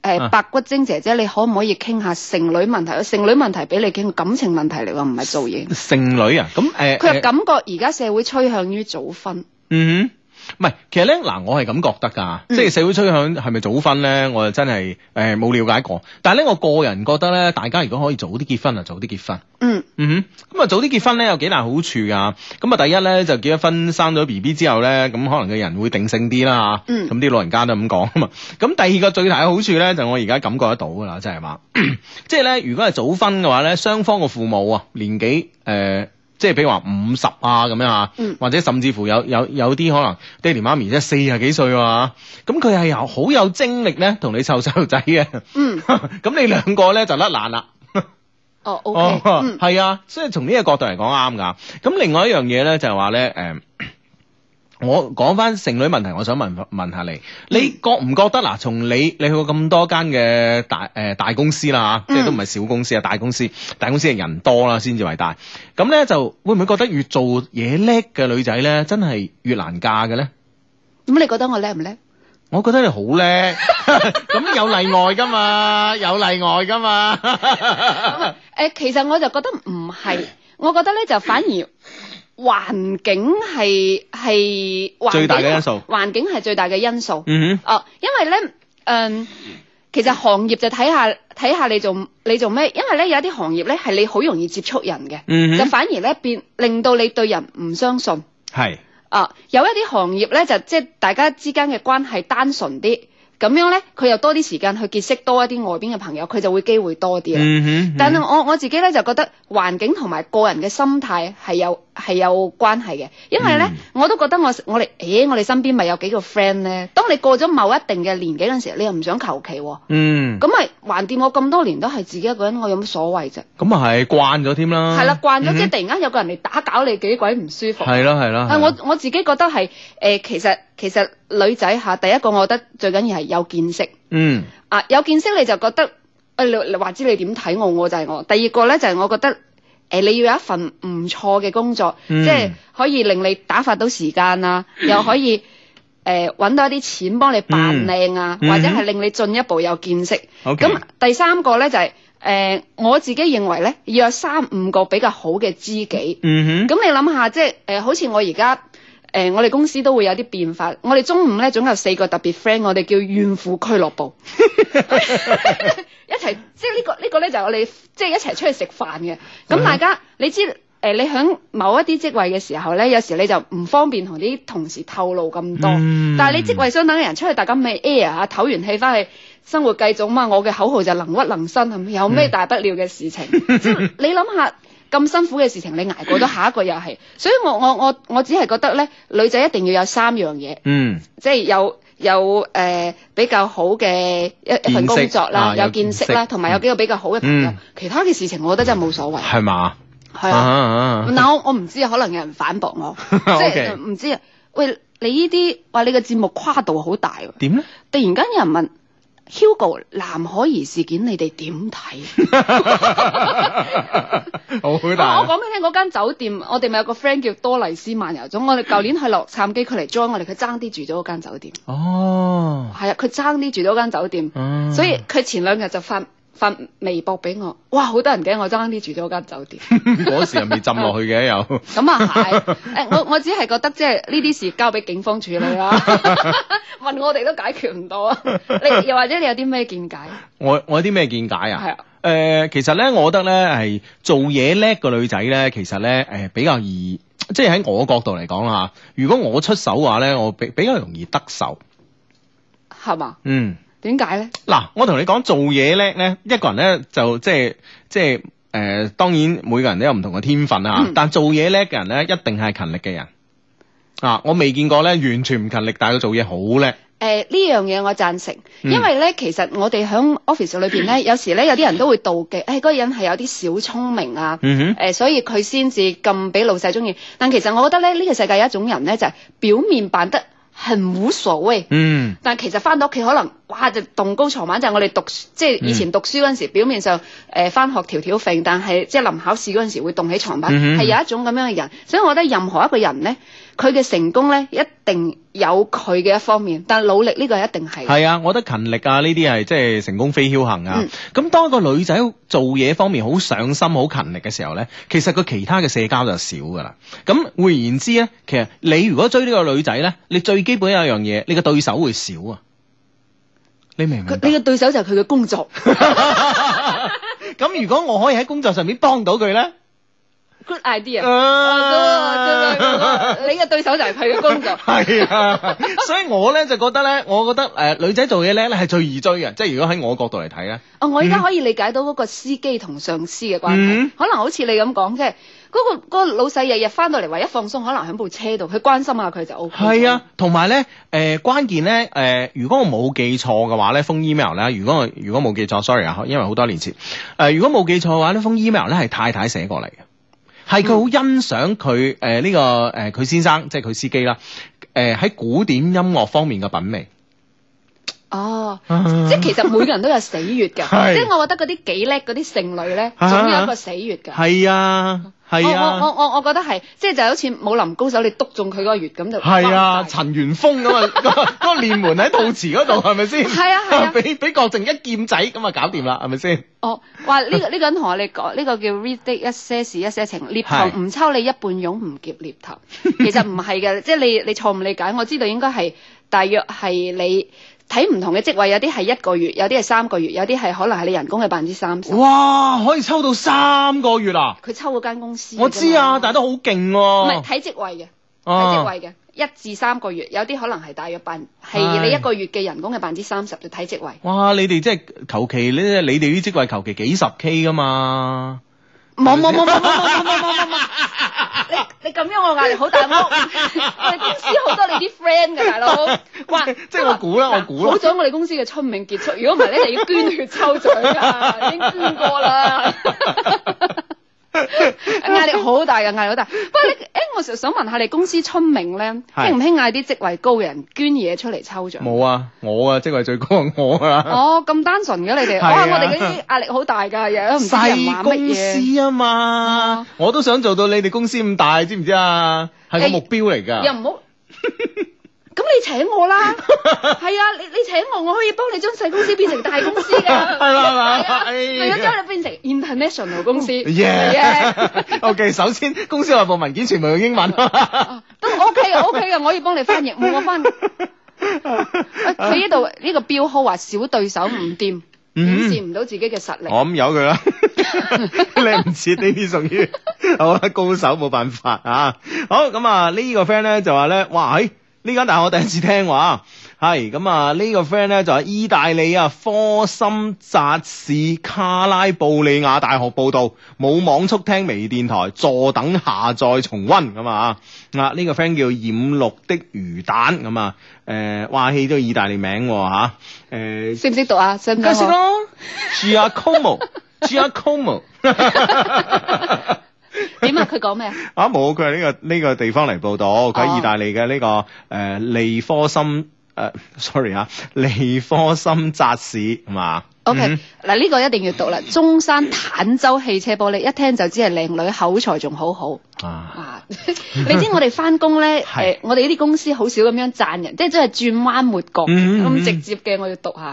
B: 呃 uh -huh. 白骨精姐姐，你可唔可以傾下剩女問題？剩女問題俾你傾，感情問題嚟話，唔係做嘢。
A: 剩女啊，咁誒，佢、呃呃、又感
B: 覺而家社會趨向於早婚。嗯、
A: uh -huh. 唔係，其實咧嗱，我係咁覺得噶、嗯，即係社會趨向係咪早婚咧？我就真係誒冇了解過。但係咧，我個人覺得咧，大家如果可以早啲結婚啊，早啲結婚。嗯嗯哼，咁啊早啲結婚咧有幾大好處噶。咁啊第一咧就結咗婚生咗 B B 之後咧，咁可能個人會定性啲啦吓。咁、嗯、啲老人家都咁講啊嘛。咁第二個最大嘅好處咧，就我而家感覺得到噶啦， 即係話，即係咧如果係早婚嘅話咧，雙方嘅父母啊年紀誒。呃即係比如話五十啊咁樣，或者甚至乎有有有啲可能爹哋媽咪即係四十幾歲咁，佢係又好有精力咧，同、嗯、你湊細路仔嘅，咁你兩個咧就甩難啦。哦，O K，係啊，所以從呢個角度嚟講啱噶。咁另外一樣嘢咧就係話咧，誒、呃。我講翻剩女問題，我想問問下你，你覺唔覺得？嗱，從你你去過咁多間嘅大誒大公司啦吓，即係都唔係小公司啊，大公司大公司係人多啦先至為大。咁咧就會唔會覺得越做嘢叻嘅女仔咧，真係越難嫁嘅咧？
B: 咁你覺得我叻唔叻？
A: 我覺得你好叻，
B: 咁有例外噶嘛？有例外噶嘛？誒，其實我就覺得唔係，我覺得咧就反而。環境係係最大嘅因素，環境係最大嘅因素。嗯哼，哦、啊，因為咧，誒、嗯，其實行業就睇下睇下你，你做你做咩？因為咧，有一啲行業咧係你好容易接觸人嘅、嗯，就反而咧變令到你對人唔相信係啊。有一啲行業咧就即係、就是、大家之間嘅關係單純啲，咁樣咧佢又多啲時間去結識多一啲外邊嘅朋友，佢就會機會多啲啦。嗯、哼，但係我我自己咧就覺得環境同埋個人嘅心態係有。係有關係嘅，因為咧、嗯，我都覺得我我哋，誒，我哋身邊咪有幾個 friend 咧。當你過咗某一定嘅年紀嗰陣時候，你又唔想求其、哦，咁咪橫掂我咁多年都係自己一個人，我有乜所謂啫？
A: 咁啊係慣咗添啦，係啦，慣咗、嗯、即係
B: 突然間有個人嚟打攪你，幾鬼唔舒服。係咯，係咯，我我自己覺得係誒、呃，其實其實女仔吓，第一個我覺得最緊要係有見識。嗯。啊，有見識你就覺得誒、哎，你你話知你點睇我，我就係我。第二個咧就係、是、我覺得。你要有一份唔錯嘅工作，嗯、即係可以令你打發到時間啊，又可以搵、 呃、到一啲錢幫你扮靚啊、嗯嗯，或者係令你進一步有見識。咁、okay。第三個咧就係、是呃、我自己認為咧要有三五個比較好嘅知己。嗯哼，咁你諗下，即係、呃、好似我而家。誒、呃，我哋公司都會有啲變化。我哋中午咧總有四個特別 friend，我哋叫怨婦俱樂部， 一齊即係、呢、呢個呢、呢個咧就係我哋即係一齊出去食飯嘅。咁大家你知誒、呃，你喺某一啲職位嘅時候咧，有時你就唔方便同啲同事透露咁多。嗯、但係你職位相等嘅人出去，大家咪 air 啊，唞完氣翻去生活繼續嘛。我嘅口號就能屈能伸，係係有咩大不了嘅事情？嗯、 你諗下。咁辛苦嘅事情你挨過咗，下一個又係，所以我我我我只係覺得咧，女仔一定要有三樣嘢，嗯，即係有有誒、呃、比較好嘅一一份工作啦、啊，有見識啦，同埋有，有幾個比較好嘅朋友，嗯、其他嘅事情我覺得真係冇所謂。係嘛？係啊，嗱、啊、我我唔知可能有人反駁我， 即係唔知啊，喂，你呢啲話你嘅節目跨度好大喎，點咧？突然間有人問。Hugo，藍可兒事件你哋點睇？我講俾你聽，嗰間酒店，我哋咪有個 friend 叫多麗斯漫遊，咁我哋舊年去洛杉磯，佢嚟 join 我哋，佢爭啲住咗嗰間酒店。哦，係啊，佢爭啲住咗嗰間酒店，嗯、所以佢前兩日就返。發微博俾我，哇，好多人驚我爭啲住咗間酒店。
D: 嗰 時又未
B: 浸落去
A: 嘅又。
B: 咁啊係，誒，我我只係覺得即係呢啲事交俾警方處理啦，問我哋都解決唔到啊！ 你又或者你有啲咩見解？
A: 我我有啲咩見解啊？係啊，誒、呃，其實咧，我覺得咧係做嘢叻嘅女仔咧，其實咧誒、呃、比較容易比較易，即係喺我角度嚟講啊，如果我出手嘅話咧，我比比較容易得手，
B: 係嘛？嗯。點解咧？
A: 嗱、啊，我同你講做嘢叻咧，一個人咧就即係即係誒、呃，當然每個人都有唔同嘅天分啊、嗯。但做嘢叻嘅人咧，一定係勤力嘅人啊！我未見過咧，完全唔勤力，但係佢做嘢好叻。
B: 誒，呢、呃、樣嘢我贊成、嗯，因為咧，其實我哋喺 office 裏邊咧、嗯，有時咧有啲人都會妒忌，誒、哎，嗰個人係有啲小聰明啊，誒、
A: 嗯
C: 呃，
B: 所以佢先至咁俾老細中意。但其實我覺得咧，呢、這個世界有一種人咧，就係、是、表面扮得。很無所謂，但係其實翻到屋企可能，哇就棟高床板就，就係我哋讀即係以前讀書嗰陣時、嗯，表面上誒翻、呃、學條條揈，但係即係臨考試嗰陣時會棟起床板，係、嗯嗯、有一種咁樣嘅人，所以我覺得任何一個人咧。佢嘅成功呢，一定有佢嘅一方面，但努力呢個一定係。係
A: 啊，我覺得勤力啊，呢啲係即係成功非僥倖啊。咁、嗯、當一個女仔做嘢方面好上心、好勤力嘅時候呢，其實佢其他嘅社交就少噶啦。咁換言之呢，其實你如果追呢個女仔呢，你最基本有一樣嘢，你嘅對手會少啊。你明
B: 唔明？你嘅對手就係佢嘅工作。
A: 咁 如果我可以喺工作上面幫到佢呢？
B: Good
A: idea，你嘅對手就係佢嘅工作係 是啊， 所以我咧就覺得咧，我覺得誒、呃、女仔做嘢叻咧係最易追嘅，即、就、係、是、如果喺我角度嚟睇咧。
B: 哦，我而家可以理解到嗰個司機同上司嘅關係、嗯，可能好似你咁講，即係嗰個老細日日翻到嚟，唯一放鬆可能喺部車度，去關心下佢就 OK。係
A: 啊，同埋咧誒關鍵咧誒、呃，如果我冇記錯嘅話咧，封 email 咧，如果我、呃、如果冇記錯，sorry 啊，因為好多年前誒、呃，如果冇記錯嘅話，呢封 email 咧係太太寫過嚟。係佢好欣賞佢，誒呢個誒佢、呃、先生，即係佢司機啦。誒、呃、喺古典音樂方面嘅品味。
B: 哦、oh，即係其實每個人都有死穴㗎。即 係我覺得嗰啲幾叻嗰啲剩女咧，總有一個死穴㗎。
A: 係 啊，係我我
B: 我我我覺得係，即係就好似武林高手你，你篤中佢嗰個穴咁就係啊，
A: 陳玄風咁啊，嗰個練門喺肚臍嗰度係咪先？係啊係啊，俾 俾郭靖一劍仔咁啊，搞掂啦係咪先？
B: 哦，oh, 哇！呢、這個呢、這個人同我哋講呢個叫 read 啲 一些事一些情，獵頭唔抽你一半 勇，唔劫獵頭。其實唔係嘅，即係你你錯誤理解，我知道應該係大約係你。睇唔同嘅職位，有啲係一個月，有啲係三個月，有啲係可能係你人工嘅百分之三十。哇！可以抽到三個月啊！佢抽嗰間公司。我知啊，但係都好勁、啊。唔係睇職位嘅，睇、啊、職位嘅一至三個月，有啲可能係大約百，係你一個月嘅人工嘅百分之三十，就睇職位。
A: 哇！你哋即係求其你哋啲職位求其幾十 K 噶嘛？冇冇冇冇冇冇冇冇冇冇
B: 冇！你你咁樣我壓力好大，我哋公司好多你啲 friend 嘅大佬，哇！即係我
A: 估啦，我
C: 估啦，好
B: 咗我哋公司嘅春茗結束，如果唔係咧就要捐血抽獎啊，已經捐過啦。壓 力好大啊，壓力好大。不過你誒、欸，我成日想問下你公司出名咧，興唔興嗌啲職位高嘅人捐嘢出嚟抽獎？冇
A: 啊，我啊職位最高啊我
B: 啊。哦，咁單純嘅、啊、你哋、啊哦，我話我哋嗰啲壓力好大噶，又唔知公司啊嘛、嗯啊，
A: 我都想做到你哋公司咁大，知唔知啊？係個目標嚟噶、欸。又
B: 唔好。 咁你請我啦，係 啊，你你請我，我可以幫你將細公司變成大公司嘅，係啦係嘛，為咗將你變成 international 公司，係
A: OK 首先公司內部文件全部用英文，
B: 都 OK 嘅 OK 嘅、okay,，我可以幫你翻譯，冇 我翻譯，佢呢度呢個標號話小對手唔掂，顯示唔到自己嘅實力， 我
A: 咁有佢啦，你唔仔呢啲屬於好高手，冇辦法啊，好咁啊呢、這個 friend 咧就話咧，哇喺、哎呢間大學第一次聽話，係咁啊，呢個 friend 咧就係意大利啊科森扎士卡拉布利亞大學報道，冇網速聽微電台，坐等下載重溫咁啊啊！呢個 friend 叫染綠的魚蛋咁啊，誒話起咗意大利名吓，誒
B: 識唔識讀啊？識咯
A: Giacomo Giacomo
B: 點啊？佢講
A: 咩啊？啊冇、這個，佢係呢個呢個地方嚟報道，佢喺意大利嘅呢、這個誒利科森誒，sorry 啊，利科森、呃、Sorry，利科森扎市，係嘛
B: ？OK，嗱、嗯、呢、這個一定要讀啦。中山坦洲汽車玻璃，一聽就知係靚女，口才仲好好啊。 你知我哋翻工咧，誒、呃，我哋呢啲公司好少咁樣讚人，即係都係轉彎抹角咁、嗯嗯、直接嘅。我要讀下，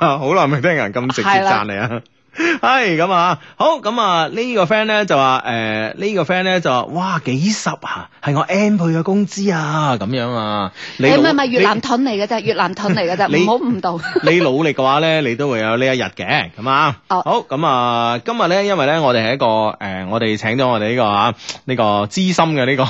A: 好耐未聽人咁直接讚你啊！係咁啊，好咁啊，呢個 friend 咧就話，誒、呃，呢、這個 friend 咧就話，哇，幾十啊，係我 N 倍嘅工資啊，咁樣啊，你唔係係越南盾
B: 嚟嘅啫，越南盾嚟嘅啫，唔好誤導。你
A: 努力嘅話咧，你都會有呢一日嘅，咁啊，oh. 好咁啊，今日咧，因為咧，我哋係一個誒、呃，我哋請咗我哋呢、這個啊，呢、這個資深嘅呢、這個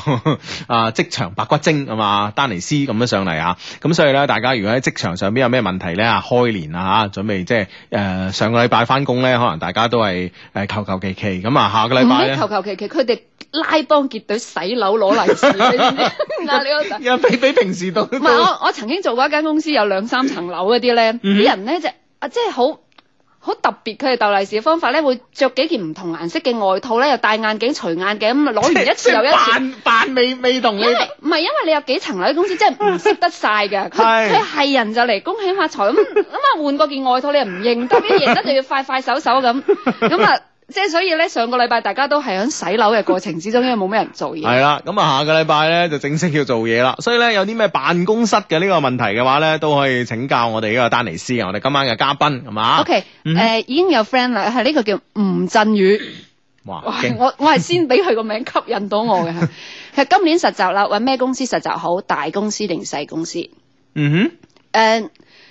A: 啊，職場白骨精啊嘛，丹尼斯咁樣上嚟啊，咁所以咧，大家如果喺職場上邊有咩問題咧，開年啊，準備即係誒、呃，上個禮拜翻工咧。可能大家都係誒求求其其咁啊，下個禮拜
B: 求求其其，佢哋、啊、拉幫結隊洗樓攞利是，嗱 你
A: 又道 比比平時都
C: 唔係。我
B: 我曾經做過一間公司，有兩三層樓嗰啲咧，啲、mm -hmm. 人咧就啊、是，即係好。好特別，佢哋逗利是嘅方法咧，會着幾件唔同顏色嘅外套咧，又戴眼鏡、除眼鏡咁啊，攞完一次又一次。扮扮未未同你。唔係，因為你有幾層樓啲公司 真係唔識得晒㗎，佢係 人就嚟恭喜發財咁咁啊，換過件外套你又唔認得，唔認得就要快快手手咁咁啊。即係所以咧，上個禮拜大家都係響洗樓嘅過程之中， 因為冇咩人做嘢。係啦，
A: 咁啊下個禮拜咧就正式要做嘢啦。所以咧有啲咩辦公室嘅呢個問題嘅話咧，都可以請教我哋呢個丹尼斯啊，我哋今晚嘅嘉賓係嘛？OK，
B: 誒已經有 friend 啦，係呢個叫吳振宇。哇！哇 我我係先俾佢個名吸引到我嘅。佢 今年實習啦，搵咩公司實習好？大公司定細公司？
C: 嗯
B: 哼。嗯、uh,。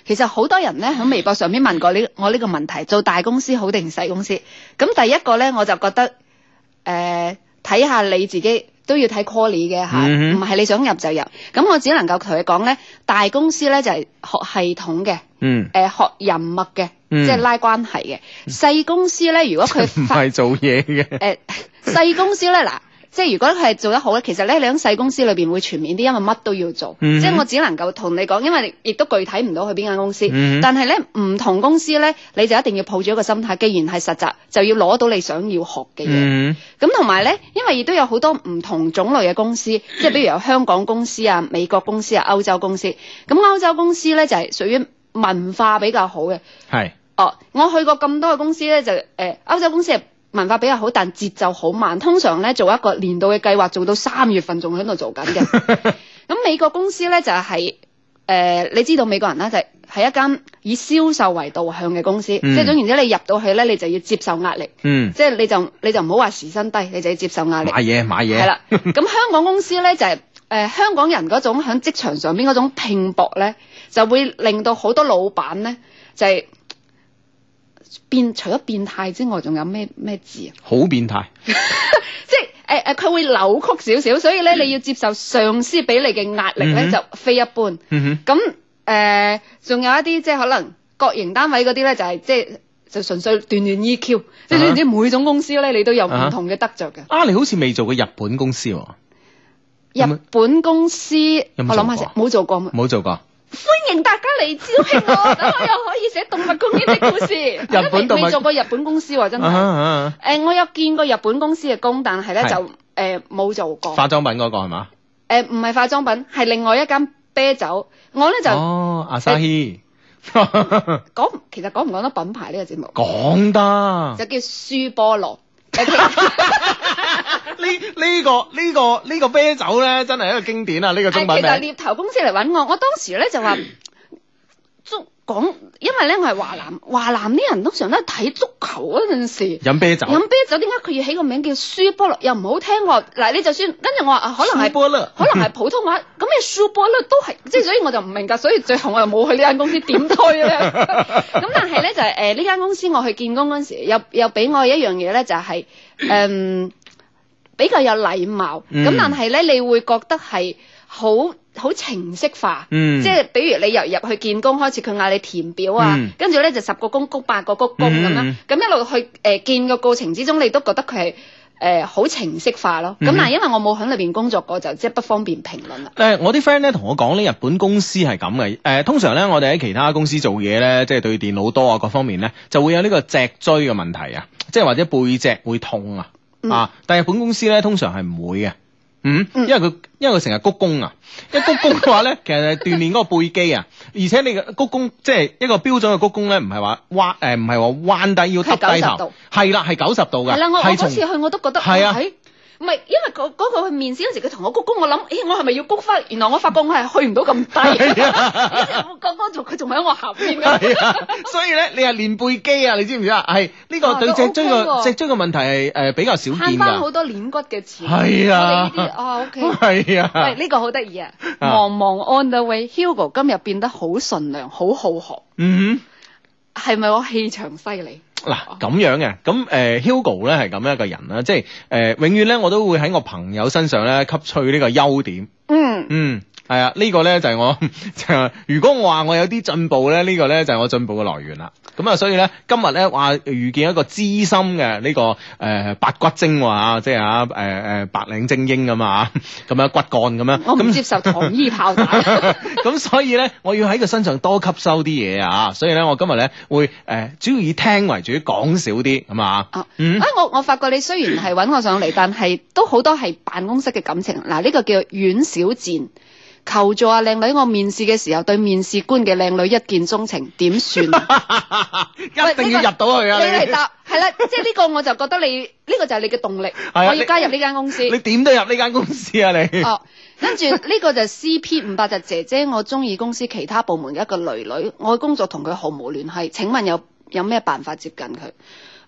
B: 其實好多人咧喺微博上面問過呢我呢個問題，做大公司好定細公司？咁第一個咧，我就覺得，誒、呃，睇下你自己都要睇 call 你嘅嚇，唔、嗯、係你想入就入。咁我只能夠同你講咧，大公司咧就係、是、學系統嘅，誒、嗯、學人脈嘅、嗯，即係拉關係嘅。細公司咧，如果佢唔係
A: 做嘢嘅，
B: 誒細、呃、公司咧嗱。 即係如果係做得好咧，其實咧你喺細公司裏邊會全面啲，因為乜都要做。嗯、即係我只能夠同你講，因為亦都具體唔到去邊間公司。嗯、但係咧，唔同公司咧，你就一定要抱住一個心態，既然係實習，就要攞到你想要學嘅
C: 嘢。
B: 咁同埋咧，因為亦都有好多唔同種類嘅公司，即係比如有香港公司啊、美國公司啊、歐洲公司。咁歐洲公司咧就係屬於文化比較好嘅。係。哦、哦，我去過咁多嘅公司咧，就誒歐洲公司係。文化比較好，但節奏好慢。通常咧做一個年度嘅計劃，做到三月份仲喺度做緊嘅。咁 美國公司咧就係、是、誒、呃，你知道美國人咧就係、是、一間以銷售為導向嘅公司，即係總言之，就是、你入到去咧，你就要接受壓力。嗯，即、就、係、是、你就你就唔好話時薪低，你就要接受壓力。買
A: 嘢買嘢。係啦，
B: 咁香港公司咧就係、是呃、香港人嗰種喺職場上邊嗰種拼搏咧，就會令到好多老闆咧就係、是。變除咗變態之外，仲有咩咩字啊？
A: 好變態，
B: 即係誒誒，佢、呃、會扭曲少少，所以咧你要接受上司俾你嘅壓力咧就非一般。嗯哼，咁、嗯、誒，仲、呃、有一啲即係可能國營單位嗰啲咧就係、是、即係就純粹鍛煉 E Q，即係你唔知每種公司咧你都有唔同嘅得着嘅。Uh -huh. 啊，
A: 你好似未做過日本公司、哦。
B: 日本公司，我諗下先，冇做過冇做過。歡迎大家嚟招聘我，等 我又可以寫動物公園的故事。 日本未做過日本公司喎，真係。誒、 呃，我有見過日本公司嘅工，但係咧、啊、就誒冇、呃、做過。化
A: 妝品嗰個係嘛？
B: 誒、呃，唔係化妝品，係另外一間啤酒。我咧就。哦，阿沙希。講、啊，其實講唔講得品牌呢個節目？講
A: 得。就
B: 叫舒波羅。
A: 呢呢、這個呢、這個呢、這個啤酒咧，真係一個經典啊！呢、這個中文名嚟。係其實
B: 獵頭公司嚟搵我，我當時咧就話足講，因為咧我係華南，華南啲人都常都睇足球嗰陣時。飲啤酒。飲啤酒，點解佢要起個名叫舒波樂？又唔好聽我嗱，你就算跟住我話，可能係。舒波樂可能係普通話，咁嘅舒波樂都係，即係所以我就唔明白，所以最後我又冇去呢間公司點 推咧。咁 但係咧就係誒呢間公司我去見工嗰陣時，又又俾我一樣嘢咧，就係、是、誒。呃 比較有禮貌，咁、嗯、但係咧你會覺得係好好程式化，即、嗯、係、就是、比如你由入去見工開始，佢嗌你填表啊，跟住咧就十個工谷八個谷工咁啦，咁、嗯、一路去誒見嘅過程之中，你都覺得佢係誒好程式化咯。咁、嗯、但係因為我冇響裏邊工作過，就即係不方便評論
A: 啦。誒、呃，我啲 friend 咧同我講呢，日本公司係咁嘅，誒、呃、通常咧我哋喺其他公司做嘢咧，即係對電腦多啊，各方面咧就會有呢個脊椎嘅問題啊，即係或者背脊會痛啊。嗯、啊！但係本公司咧，通常係唔會嘅，嗯，因為佢因為佢成日鞠躬啊，一鞠躬嘅話咧， 其實係鍛鍊嗰個背肌啊，而且你嘅鞠躬即係一個標準嘅鞠躬咧，唔係話彎誒，唔係話彎低要耷低頭，係啦，係九十度嘅，係啦，我我嗰次去
B: 我都覺得係啊。唔係，因為嗰、那、嗰個佢、那個、面試嗰時，佢同我鞠躬，我諗，咦、欸，我係咪要鞠翻？原來我發覺我係去唔到咁低。剛剛佢仲喺我下邊、 啊、所以咧，你係練
A: 背肌啊？你知唔知、這個、啊？係呢個脊椎個脊椎個問題係誒、呃、比較少見噶，慳翻好
B: 多捻骨嘅錢。係啊，呢、啊、OK。係啊，喂，呢、這個好得意啊！茫茫 on the way，Hugo 今日變得好純良，好好學。嗯哼，係咪我氣場犀利？
A: 嗱、啊、咁樣嘅，咁誒、呃、Hugo 咧係咁樣一個人啦，即係誒、呃、永遠咧我都會喺我朋友身上咧吸取呢個優點，嗯
B: 嗯。
A: 係啊，呢個咧就係我就。如果我話我有啲進步咧，呢、這個咧就係我進步嘅來源啦。咁啊，所以咧今日咧話遇見一個資深嘅呢個誒、呃、白骨精啊，即係啊誒白領精英咁啊，咁樣骨幹咁樣。我唔接
B: 受糖衣炮彈。
A: 咁 所以咧，我要喺佢身上多吸收啲嘢啊。所以咧，我今日咧會誒、呃、主要以聽為主，講少啲咁啊。
B: 哦、啊嗯，啊我我發覺你雖然係搵我上嚟，但係都好多係辦公室嘅感情嗱。呢、啊這個叫遠小戰。求助啊！靚女，我面試嘅時候對面試官嘅靚女一見鍾情，點算？ 一定要入到去啊！這個、你嚟答係啦，即係呢個我就覺得你呢、這個就係你嘅動力， 我要加入呢間公司。 你點
A: 都入呢間公司啊？你哦，
B: 跟住呢個就係 C P 五百就姐姐。我中意公司其他部門嘅一個女女，我嘅工作同佢毫無聯繫。請問有有咩辦法接近佢？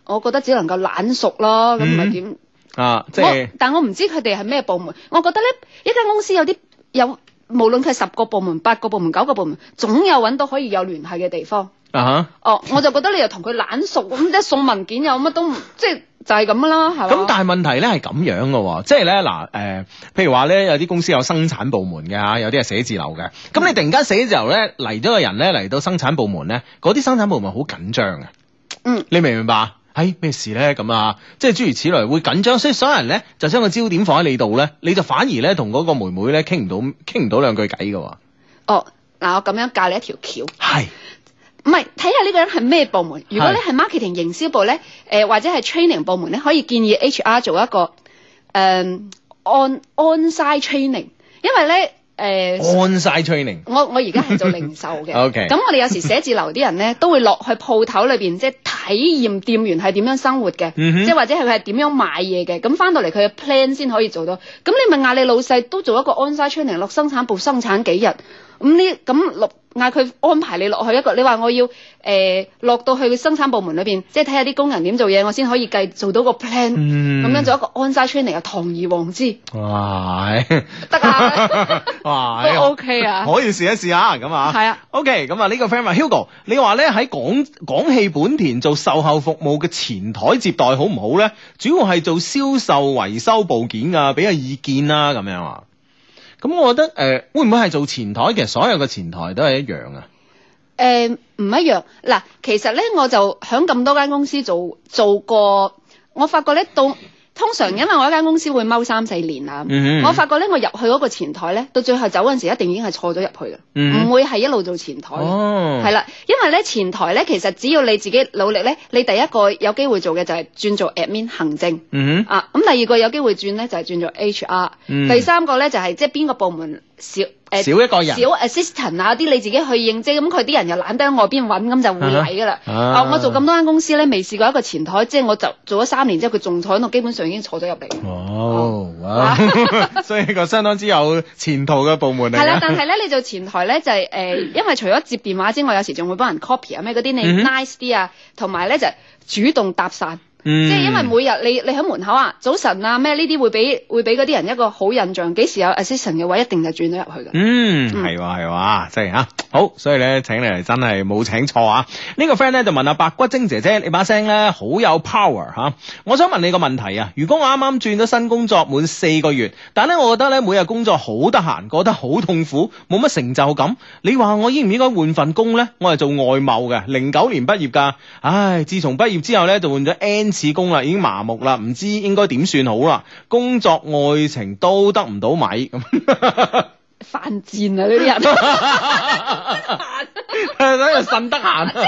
B: 我覺得只能夠懶熟咯，咁咪點啊？即、就是、但我唔知佢哋係咩部門。我覺得呢呢間公司有啲有。無論佢係十個部門、八個部門、九個部門，總有揾到可以有聯繫嘅地方。啊！哦，我就覺得你又同佢懶熟咁，即 係送文件又乜都唔，即係就係咁啦，係咁但係
A: 問題咧係咁樣噶，即係咧嗱，誒、呃，譬如話咧有啲公司有生產部門嘅吓，有啲係寫字樓嘅。咁、mm. 你突然間寫字樓咧嚟咗個人咧嚟到生產部門咧，嗰啲生產部門好緊張嘅。嗯、mm.，你明唔明白嗎？係、哎、咩事咧？咁啊，即係諸如此類會緊張，所以所有人咧就將個焦點放喺你度咧，你就反而咧同嗰個妹妹咧傾唔到傾唔到兩句偈喎。
B: 哦，嗱，我咁樣教你一條橋。係，唔係睇下呢個人係咩部門？如果你係 marketing 營銷部咧，誒、呃、或者係 training 部門咧，可以建議 HR 做一個誒、呃、on on-site training，因為咧。誒、uh, on site training，我我而家係做零售嘅，咁
C: Okay. 我
B: 哋有時寫字樓啲人咧都會落去鋪頭裏面，即係體驗店員係點樣生活嘅，mm -hmm. 即係或者係佢點樣買嘢嘅，咁翻到嚟佢嘅 plan 先可以做到。咁你問下你老細，都做一個 on site training 落生產部生產幾日？咁、嗯、呢？咁落嗌佢安排你落去一個，你話我要誒落、呃、到去生產部門裏面，即係睇下啲工人點做嘢，我先可以計做到個 plan。咁、嗯、樣做一個 on-site training 堂而皇之。
A: 哇、哎！得啊！ 哇、哎，都 OK 啊！ 可以試一試下啊。咁、okay, 啊。係啊，OK。咁啊，呢個 friend Hugo，你話咧喺廣廣汽本田做售後服務嘅前台接待好唔好咧？主要係做銷售、維修部件啊，俾個意見啦、啊，咁樣啊。咁、嗯、我覺得誒、呃、會唔會係做前台？其實所有嘅前台都係一樣啊。
B: 誒、呃，唔一樣嗱，其實咧我就響咁多間公司做做過，我發覺咧到。通常因為我間公司會踎三四年啦、啊嗯，我發覺咧我入去嗰個前台咧，到最後走嗰陣時一定已經係錯咗入去嘅，唔、嗯、會係一路做前台，係、哦、啦，因為咧前台咧其實只要你自己努力咧，你第一個有機會做嘅就係轉做 admin 行政，嗯、啊，咁、嗯、第二個有機會轉咧就係、是、轉做 HR，嗯、第三個咧就係、是、即係邊個部門？少，誒，少一個人，少 assistant 啊啲，你自己去應徵，咁佢啲人又懶得喺外邊揾，咁就會嚟㗎啦。Uh -huh. Uh -huh. 哦，我做咁多間公司咧，未試過一個前台，即係我就做咗三年之後，佢仲坐喺度，基本上已經坐咗入嚟。哦、oh, wow. 啊，
A: 所以呢個相當之有前途嘅部門嚟。係 啦，但係
B: 咧，你做前台咧就係、是呃、因為除咗接電話之外，有時仲會幫人 copy 啊咩嗰啲，你 nice 啲啊，同埋咧就係主動搭訕
C: 嗯、即係因為每
B: 日你你喺門口啊，早晨啊咩呢啲會俾會俾嗰啲人一個好印象，幾時有 assistant 嘅位，一定就轉咗入去
A: 嘅。嗯，係話係話，真係吓好，所以咧請你嚟真係冇請錯啊！呢、這個 friend 咧就問阿白骨精姐姐，你把聲咧好有 power 吓，啊，我想問你個問題啊。如果我啱啱轉咗新工作滿四個月，但咧我覺得咧每日工作好得閒，過得好痛苦，冇乜成就感。你話我應唔應該換份工咧？我係做外貿嘅，零九年畢業噶，唉，自從畢業之後咧就換咗 N 次工啦，已經麻木啦，唔知道應該點算好啦。工作、愛情都得唔到米，咁
B: 犯賤啊！呢啲人
A: 真係信得閒
B: 啊！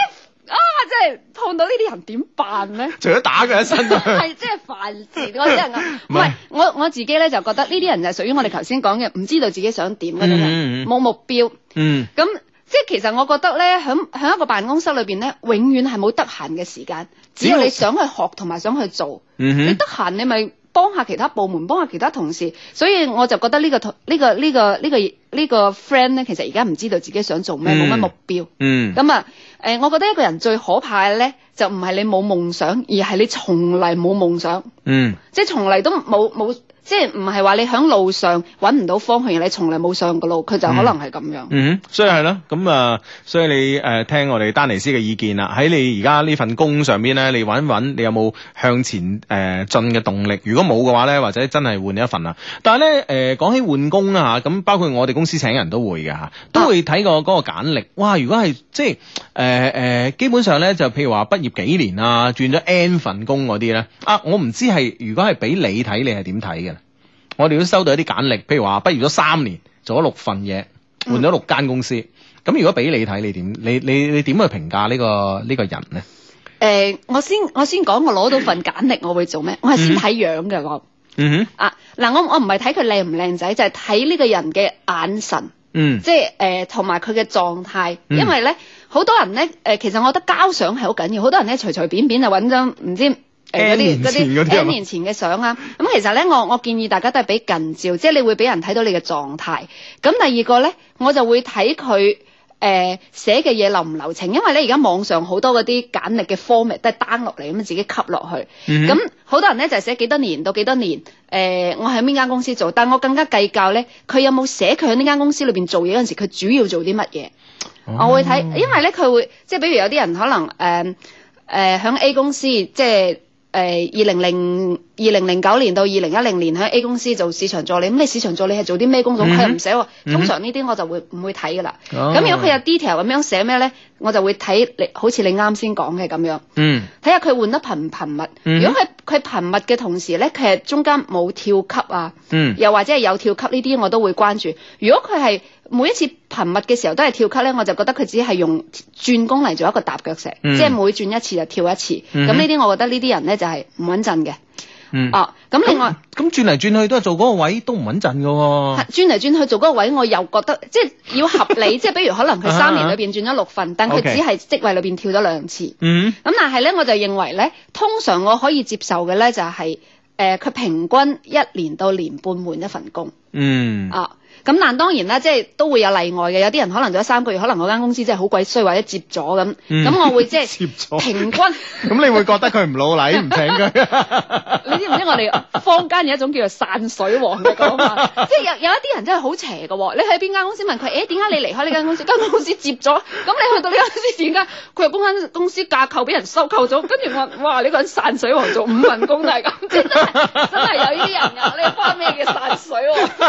B: 即係碰到呢啲人點辦咧？除咗打佢一身係， 係即係犯賤嗰啲人啊！唔係我 我，我自己咧，就覺得呢啲人就屬於我哋頭先講嘅，唔知道自己想點嗰種，冇、嗯嗯嗯、目標。嗯，咁。即係其實我覺得咧，喺喺一個辦公室裏邊咧，永遠係冇得閒嘅時間。只有你想去學同埋想去做。
C: 你
B: 得閒你咪幫下其他部門，幫下其他同事。所以我就覺得呢、呢個呢、呢個呢、呢個呢、呢個呢、呢個 friend 咧，其實而家唔知道自己想做咩，冇乜目標。嗯。咁 啊，誒，我覺得一個人最可怕嘅咧，就唔係你冇夢想，而係你從來冇夢想。嗯。 即係從來都冇冇。即係唔係話你喺路上揾唔到方向，你從來冇上過路，佢就可能係咁
A: 樣。嗯。嗯，所以係啦，咁啊，所以你誒、呃、聽我哋丹尼斯嘅意見啦。喺你而家呢份工上邊咧，你揾一揾，你有冇向前誒進嘅動力？如果冇嘅話咧，或者真係換一份啦。但係咧誒，講、呃、起換工啦吓，咁、啊、包括我哋公司請人都會嘅吓，都會睇過嗰個簡歷。哇，如果係即係誒誒，基本上咧就譬如話畢業幾年啊，轉咗 N 份工嗰啲咧啊，我唔知係如果係俾你睇，你係點睇嘅？我哋都收到一啲簡歷，譬如話畢業咗三年，做咗六份嘢，換咗六間公司。咁如果俾你睇，你點？你你你點去評價呢個呢個人
B: 咧？誒，我先我先講，我攞到份簡歷，我會做咩？我係先睇樣嘅我。嗯哼。啊，嗱，我我唔係睇佢靚唔靚仔，就係睇呢個人嘅眼神。嗯。即係誒，同埋佢嘅狀態。嗯。因為咧，好多人咧誒，其實我覺得交相係好緊要。好多人咧，隨隨便便就揾咗唔知，誒年前啲一年前嘅相啊，咁其實咧，我我建議大家都係俾近照，即係你會俾人睇到你嘅狀態。咁第二個咧，我就會睇佢誒寫嘅嘢流唔流程，因為咧而家網上好多嗰啲簡歷嘅 format 都係 down 落嚟咁自己吸落去。咁、嗯、好多人咧就係寫幾多年到幾多年誒、呃，我喺邊間公司做，但我更加計較咧佢有冇寫佢喺呢間公司裏邊做嘢嗰陣時，佢主要做啲乜嘢。我會睇，因為咧佢會即係，比如有啲人可能誒誒喺 A 公司即係。誒二零零二零零九年到二零一零年喺 A 公司做市場助理，咁、嗯、你市場助理係做啲咩工種？佢又唔寫喎、哦，mm -hmm. 通常呢啲我就會唔會睇㗎啦。咁、oh. 如果佢有 detail 咁樣寫咩咧，我就會睇你好似你啱先講嘅咁樣，睇下佢換得頻唔頻密。Mm -hmm. 如果佢佢頻密嘅同時咧，其實中間冇跳級啊，mm -hmm. 又或者係有跳級呢啲，我都會關注。如果佢係，每一次頻密嘅時候都係跳級咧，我就覺得佢只係用轉工嚟做一個踏腳石，即、嗯、係、就是、每轉一次就跳一次。咁呢啲我覺得呢啲人咧就係唔穩陣嘅。哦、嗯，咁、啊、另外咁、嗯、轉
A: 嚟轉去都係做嗰個位都唔穩陣㗎喎。
B: 轉嚟轉去做嗰個位，我又覺得即係、就是、要合理，即 係比如可能佢三年裏面轉咗六份， 但佢只係職位裏面跳咗兩次。咁、嗯、但係咧，我就認為咧，通常我可以接受嘅咧就係、是、佢、呃、平均一年到一年半換一份工。嗯啊，咁但當然啦，即係都會有例外嘅。有啲人可能做咗三個月，可能嗰間公司真係好鬼衰，或者接咗咁。咁、嗯、我會即係平均。
A: 咁、嗯、 你會覺得佢唔老禮唔請佢？聽
B: 你知唔知我哋坊間有一種叫做散水王嘅講法， 即係有有一啲人真係好邪㗎喎。你喺邊間公司問佢，誒點解你離開呢間公司？跟 公司接咗，咁你去到呢間公司點解佢嗰公司架構俾人收購咗？跟住我哇呢、呢個、人散水王做五份工都係咁，真係真係有呢啲人噶、啊。你話咩叫散水王？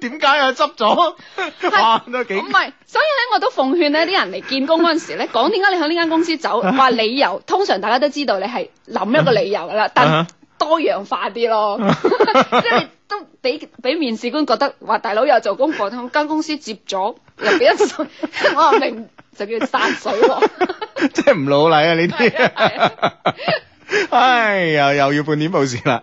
B: 點解又執咗？唔係，所以咧，我都奉勸呢啲人嚟見工嗰陣時咧，講點解你響呢間公司走，話、啊、理由，通常大家都知道你係諗一個理由噶啦、啊，但多樣化啲咯，即、啊、係 都俾俾面試官覺得話大佬又做功課，響間公司接咗入一水， 我明就叫山水喎、 啊，
A: 即係唔老禮啊呢啲，唉，呀，又要半年冇事啦。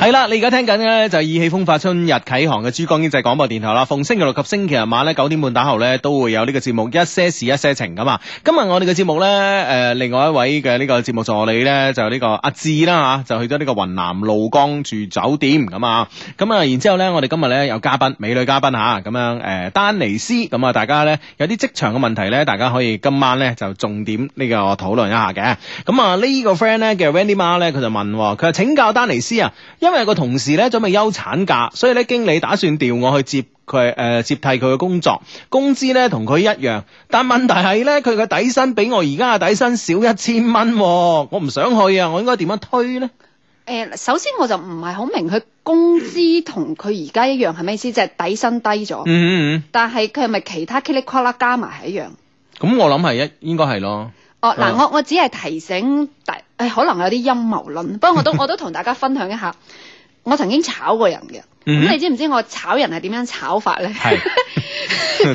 A: 係啦，你而家聽緊呢就係意氣風發春日啟航嘅珠江經濟廣播電台啦。逢星期六及星期日晚咧九點半打後咧都會有呢個節目，一些事一些情咁啊。今日我哋嘅節目咧，誒、呃，另外一位嘅呢個節目助理咧就呢個阿志啦吓、啊，就去咗呢個雲南怒江住酒店咁啊。咁啊，然之後咧，我哋今日咧有嘉賓，美女嘉賓吓，咁樣誒，丹尼斯咁啊，大家咧有啲職場嘅問題咧，大家可以今晚咧就重點呢個討論一下嘅。咁啊，呢、這個 friend 咧嘅 Randy 媽咧，佢就問佢話，請教丹尼斯啊，因為個同事咧準備休產假，所以咧經理打算調我去接佢誒、呃、接替佢嘅工作，工資咧同佢一樣，但問題係咧佢嘅底薪比我而家嘅底薪少一千蚊，哦，我唔想去啊，我應該點樣推呢、
B: 呃？首先我就唔係好明，佢工資同佢而家一樣係咩意思？即係、就是、底薪低咗。嗯嗯。但係佢係咪其他嘰里呱啦加埋係一樣？
A: 咁、嗯、我諗係一應該係咯。
B: 哦、oh，嗱、oh，我我只係提醒大，誒可能有啲陰謀論，不過我都我都同大家分享一下， 我曾經炒過人嘅，咁你知唔知我炒人係點樣炒法咧？Mm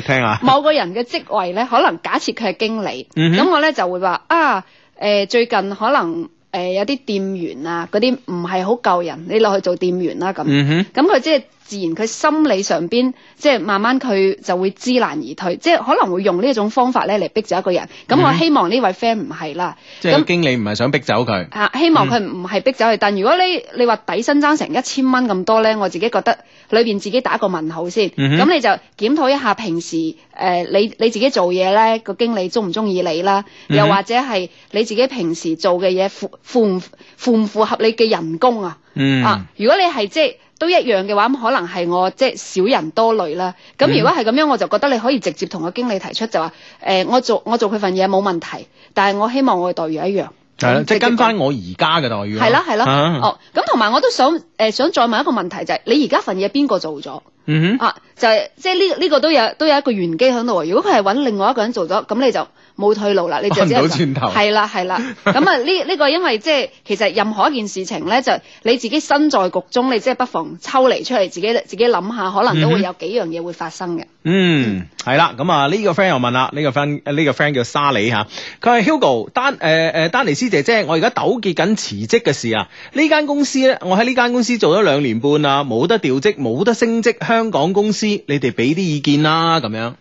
A: -hmm. 聽下，
B: 某個人嘅職位咧，可能假設佢係經理，咁、mm -hmm. 我咧就會話啊、呃，最近可能、呃、有啲店員啊，嗰啲唔係好夠人，你落去做店員啦咁，咁佢、mm -hmm. 即係。自然佢心理上邊即係慢慢佢就會知難而退，即係可能會用呢一種方法咧嚟逼走一個人。咁、嗯、我希望呢位 friend 唔係啦，
A: 即係經理唔係想逼走佢。
B: 啊，希望佢唔係逼走佢、嗯。但如果你你話底薪爭成一千蚊咁多咧，我自己覺得裏邊自己打個問號先。咁、嗯、你就檢討一下平時誒、呃，你你自己做嘢咧個經理中唔中意你啦、嗯？又或者係你自己平時做嘅嘢符符唔符唔符合你嘅人工啊、嗯？啊，如果你係即係。都一樣嘅話，咁可能係我即係少人多累啦。咁如果係咁樣、嗯，我就覺得你可以直接同個經理提出，就話、呃、我做我做佢份嘢冇問題，但係我希望我嘅待遇一樣，
A: 係即係跟翻我而家嘅待遇咯。係咯係咯，哦，
B: 咁同埋我都想。誒、呃，想再問一個問題就係、是，你而家份嘢邊個做咗？嗯哼，啊，就係、是、即係呢呢個都有都有一個玄機喺度。如果佢係揾另外一個人做咗，咁你就冇退路啦，你就、嗯、到轉頭。係啦係啦，咁啊呢呢個因為即係其實任何一件事情咧，就是、你自己身在局中，你即係不妨抽離出嚟，自己自己諗下，可能都會有幾樣嘢會發生嘅。
A: 嗯，係、嗯、啦，咁啊呢個 friend 又問啦，呢、這個 friend 呢、這個 friend 叫沙里吓，佢係 Hugo 丹誒誒、呃、丹尼斯姐姐，我而家糾結緊辭職嘅事啊，呢間公司咧，我喺呢間公司。公司做咗兩年半啦，冇得調職，冇得升職。香港公司，你哋俾啲意見啦，咁樣。
B: 誒、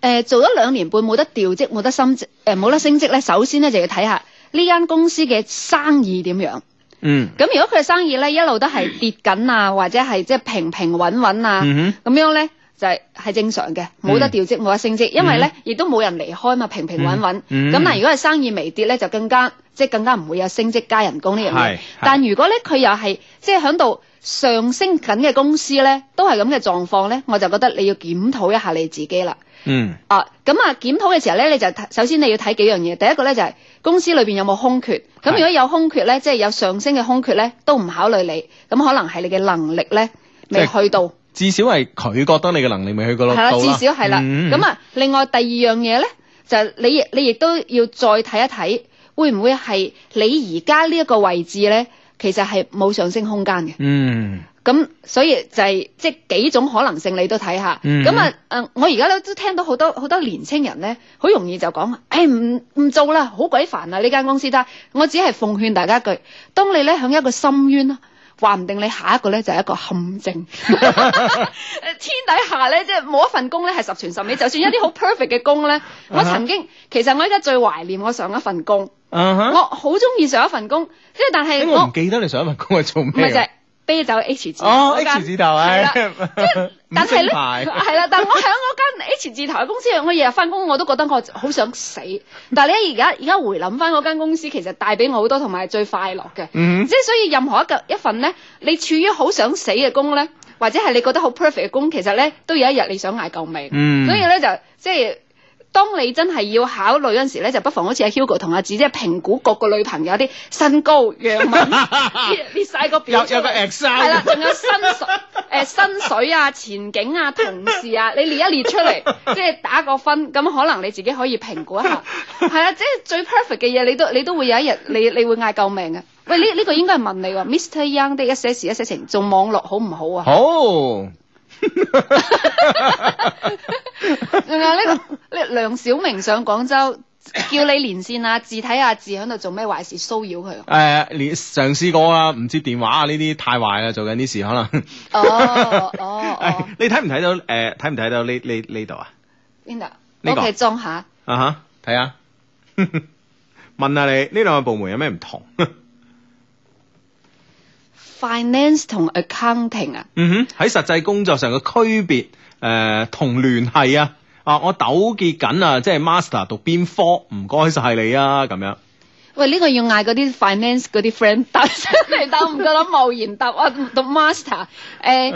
B: 呃，做咗兩年半，冇得調職，冇得升職，誒、呃，冇得升職咧。首先咧，就要睇下呢間公司嘅生意點樣。嗯。咁如果佢嘅生意咧一路都係跌緊啊、嗯，或者係即係平平穩穩啊，咁、嗯、樣咧就係、是、係正常嘅，冇得調職，冇、嗯、得升職，因為咧亦、嗯、都冇人離開嘛，平平穩穩。嗯。咁、嗯、但係如果係生意微跌咧，就更加。即係更加唔會有升職加人工呢樣嘢，但如果咧佢又係即係響度上升緊嘅公司咧，都係咁嘅狀況咧，我就覺得你要檢討一下你自己啦。
C: 嗯
B: 啊，咁啊檢討嘅時候咧，你就首先你要睇幾樣嘢。第一個咧就係、是、公司裏面有冇空缺，咁如果有空缺咧，即係有上升嘅空缺咧，都唔考慮你，咁可能係你嘅能力咧未去到，
A: 至少係佢覺得你嘅能力未去過到。度。係啦，至少
B: 係啦。咁、嗯、啊，另外第二樣嘢咧就你，你亦都要再睇一睇。會唔會係你而家呢一個位置咧，其實係冇上升空間嘅。嗯。咁所以就係、是、即係幾種可能性，你都睇下。咁、嗯、啊，誒、呃，我而家都都聽到好多好多年輕人咧，好容易就講，誒唔唔做啦，好鬼煩啊呢間公司。得我只係奉勸大家一句，當你咧響一個深淵，話唔定你下一個咧就係、是、一個陷阱。 天底下咧，即係冇一份工咧係十全十美，就算一啲好 perfect 嘅工咧， 我曾經其實我而家最懷念我上一份工。Uh -huh. 我好中意上一份工，即係但係我唔、欸、
A: 記得你上一份工係做咩？唔係就
B: 啤酒 H 字。哦、oh，H 字頭啊，係即
C: 但係咧，啦、 就是，
B: 但係 我喺我間 H 字頭嘅公司，我日日翻工我都覺得我好想死。但係你而家而家回諗翻嗰間公司，其實帶俾我好多同埋最快樂嘅。嗯、mm -hmm.。即係所以任何一個一份咧，你處於好想死嘅工咧，或者係你覺得好 perfect 嘅工，其實咧都有一日你想嗌救命。嗯、mm -hmm.。所以咧就即係。當你真係要考慮嗰時時咧，就不妨好似阿 Hugo 同阿自即係評估各個女朋友啲身高、樣貌，列 晒個表。有有個 Excel。啦，仲有薪水薪水啊、前景啊、同事啊，你列一列出嚟， 即係打個分，咁可能你自己可以評估一下。係 啊，即係最 perfect 嘅嘢，你都你都會有一日，你你會嗌救命嘅、啊。喂，呢呢、這個應該係問你喎 ，Mr Young 啲一 s s 一些情，做網絡好唔好啊？好、
A: oh.。
B: 仲 有呢，這個呢，梁小明上廣州叫你連線啊，字睇下字喺度做咩壞事騷擾佢？誒，
A: 連嘗試過啊，唔接電話啊，呢啲太壞啦，做緊啲事可能。哦 哦、oh, oh,
B: oh.
A: 哎，你睇唔睇到誒？睇唔睇到呢呢呢度啊？邊
B: 度？你屋企裝下
A: 啊吓，睇下。Uh -huh, 下 問下你，呢兩個部門有咩唔同？
B: Finance 同 accounting 啊，
A: 嗯哼，喺實際工作上嘅區別誒同聯繫啊，啊，我糾結緊啊，即係 master 讀邊科，唔該晒你啊，咁樣。
B: 喂，呢、這個要嗌嗰啲 finance 嗰啲 friend 答真嚟，但我唔夠膽貿然答啊，讀 master，誒、欸，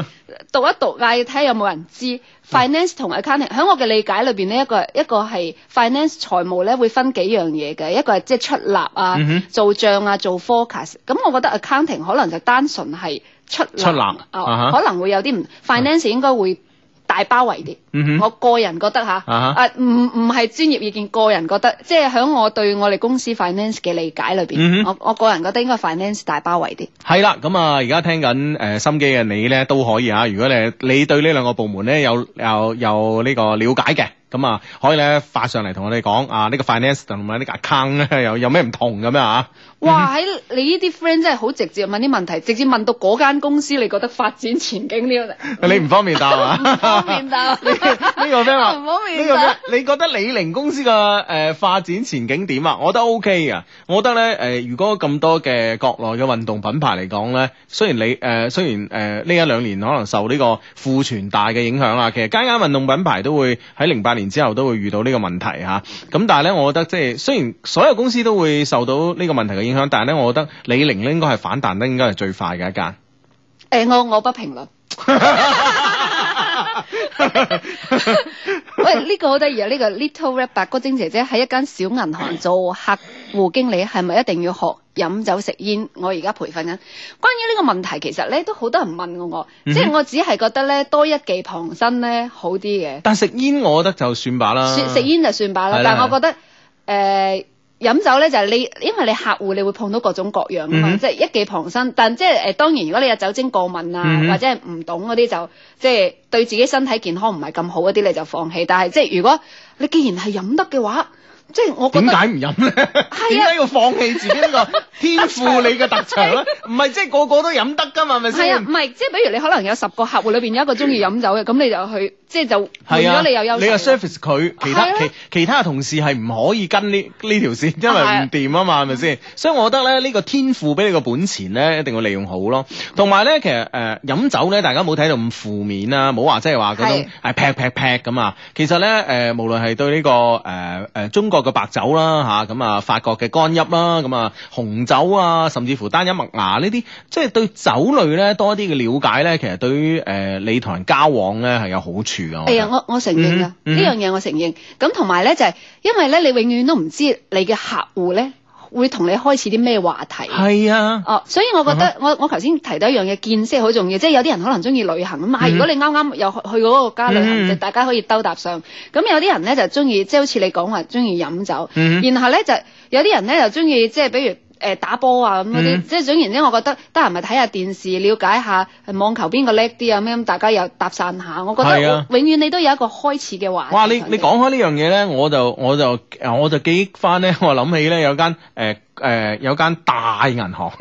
B: 讀一讀嗌要睇有冇人知、哦、finance 同 accounting。喺我嘅理解裏面，呢一個一個係 finance 財務咧會分幾樣嘢嘅，一個係即係出納啊、嗯、做帳啊、做 forecast。咁我覺得 accounting 可能就單純係出出納啊、哦 uh -huh，可能會有啲唔 finance 應該會。大包圍啲，我個人覺得吓，啊唔唔係專業意見，個人覺得，即係喺我對我哋公司 finance 嘅理解裏邊，我我個人覺得應該 finance 大包圍啲。
A: 係啦，咁啊，而家聽緊誒心機嘅你呢都可以啊。如果你你對呢兩個部門呢有有有呢個瞭解嘅，咁啊可以呢發上嚟同我哋講啊，呢個 finance 同埋呢個 account 有有咩唔同咁樣啊？
B: 嗯、哇！喺你呢啲 friend 真係好直接問啲問題，直接問到嗰間公司，你覺得發展前景呢、這個嗯？
A: 你唔方便答啊？ 唔方便答 你這個、方便答。呢、
B: 這個咩話？i e 唔方便。呢個
A: 嘅你覺得李寧公司嘅誒、呃、發展前景點啊？我覺得 OK 嘅。我覺得咧誒、呃、如果咁多嘅國內嘅運動品牌嚟講咧，雖然你誒、呃、雖然誒呢、呃、一兩年可能受呢個庫存大嘅影響啊，其實間間運動品牌都會喺零八年之後都會遇到呢個問題吓，咁、啊、但係咧，我覺得即係雖然所有公司都會受到呢個問題嘅影。但係咧，我覺得李寧咧應該係反彈得應該係最快嘅一間、
B: 欸。誒，我我不評論。 喂，呢、這個好得意啊！呢、這個 Little Rap 白骨精姐姐喺一間小銀行做客戶經理，係咪一定要學飲酒食煙？我而家培訓啊。關於呢個問題，其實咧都好多人問過我，即、嗯、係、就是、我只係覺得咧多一技傍身咧好啲嘅。
A: 但食煙，我覺得就算罷啦。食
B: 煙就算罷啦，但係我覺得誒。呃飲酒咧就係、是、你，因為你客戶你會碰到各種各樣即係、嗯就是、一技傍身。但即係、呃、當然如果你有酒精過敏啊，嗯、或者係唔懂嗰啲就，即係對自己身體健康唔係咁好嗰啲你就放棄。但係即係如果你既然係飲得嘅話，即係我覺得點解唔飲咧？點解、啊、要放棄自己呢個天賦你嘅特長咧？唔係即係個個都飲得㗎嘛？係咪先？係啊，唔、就、係、是啊、即係比如你可能有十個客戶裏面有一個中意飲酒嘅，咁 你就去。即係就換咗你有、
A: 啊、你個 service 佢其他、啊、其其他同事係唔可以跟呢呢條線，因為唔掂啊嘛，係咪先？所以我覺得咧，呢、這個天賦俾你個本錢咧，一定要利用好咯。同埋咧，其實誒、呃、飲酒咧，大家冇睇到咁負面啊，冇話即係話嗰種誒劈劈劈咁啊、呃。其實咧誒、呃、無論係對呢、這個誒誒、呃呃、中國嘅白酒啦吓咁啊，啊法國嘅干邑啦，咁啊紅酒啊，甚至乎單一麥芽呢啲，即係對酒類咧多啲嘅了解咧，其實對於誒、呃、你同人交往咧係有好處。哎呀
B: 我我承認啊，呢、嗯嗯、樣嘢我承認。咁同埋咧就係、是，因為咧你永遠都唔知你嘅客戶咧會同你開始啲咩話題。係啊，哦，所以我覺得、嗯、我我頭先提到一樣嘢，見識好重要。即、就、係、是、有啲人可能中意旅行嘛，咁、嗯、如果你啱啱又去嗰個家旅行、嗯，就大家可以兜搭上。咁、嗯、有啲人咧就中意，即、就、係、是、好似你講話中意飲酒、嗯。然後咧就有呢，有啲人咧就中意，即係比如。誒、呃、打波啊，咁嗰啲。即係總言之，我覺得得閒咪睇下電視，了解下網球邊個叻啲啊？咩咁大家又搭散下，我覺得我、啊、永遠你都有一個開始嘅環。
A: 哇！你你講開呢樣嘢咧，我就我就我就記憶翻咧，我諗起咧有間誒誒、呃呃、有間大銀行，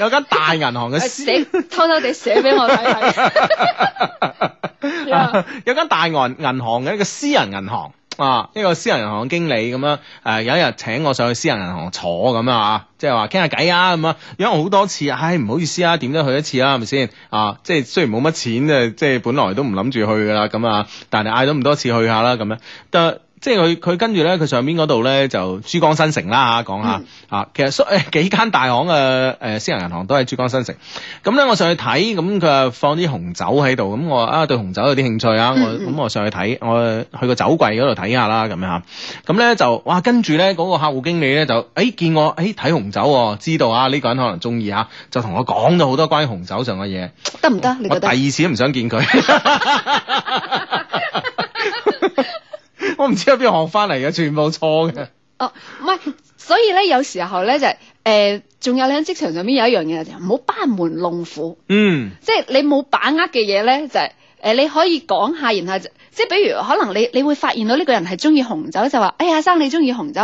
A: 有間大銀行嘅
B: 私 偷偷哋寫俾我睇
A: 睇， 有間大銀銀行嘅一個私人銀行。啊！呢個私人銀行經理咁樣、啊，有一日請我上去私人銀行坐咁啊，即係話傾下偈啊咁啊，約、就是啊啊啊、我好多次，唉唔好意思啊，點都去一次啦、啊，係咪先？啊，即係雖然冇乜錢誒，即係本來都唔諗住去噶啦，咁啊，但係嗌咗咁多次去下啦，咁樣得。啊。即係佢佢跟住咧，佢上邊嗰度咧就珠江新城啦嚇，講下、嗯，其實所誒幾間大行嘅誒、呃、私人銀行都係珠江新城。咁咧我上去睇，咁佢啊放啲紅酒喺度，咁我啊對紅酒有啲興趣啊、嗯嗯，我咁我上去睇，我去個酒櫃嗰度睇下啦咁樣。咁咧就哇，跟住咧嗰個客戶經理咧就誒、欸、見我咦，睇、欸、紅酒、喔，知道啊呢、呢個人可能中意啊，就同我講咗好多關於紅酒上嘅嘢。行
B: 行你得唔得？我第二
A: 次都唔想見佢。 我唔知喺邊度學翻嚟嘅，全部錯嘅。哦，
B: 唔係，所以咧，有時候咧就係，誒、呃，仲有你喺職場上邊有一樣嘢就，唔好班門弄斧。
C: 嗯。
B: 即係你冇把握嘅嘢咧，就係，誒，你可以講下，然後就。即係比如可能你你會發現到呢個人係中意紅酒，就話：哎呀，生你中意紅酒，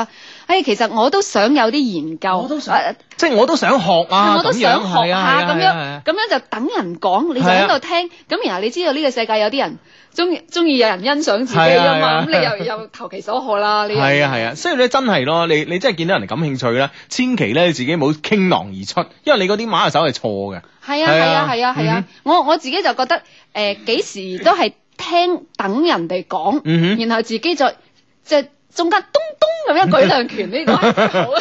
B: 哎，其實我都想有啲研究，我都想 即係我
A: 都想學啊，這樣子我都想學下咁、啊啊、樣，咁、
B: 啊啊啊、樣就等人講，你就喺度聽。咁然後你知道呢個世界有啲人中意中意有人欣賞自己啊，啊，啊嘛，咁、啊、你又又投其所好啦。呢係啊係
A: 啊，所以你真係咯，你你真係見到人感興趣啦，千祈咧自己冇傾囊而出，因為你嗰啲馬的手係錯嘅。係啊係啊係啊
B: 係、嗯、啊，我我自己就覺得誒幾、欸、時都係。聽等人哋講，嗯，然後自己再即係中間咚咚。咁一舉兩權呢個咁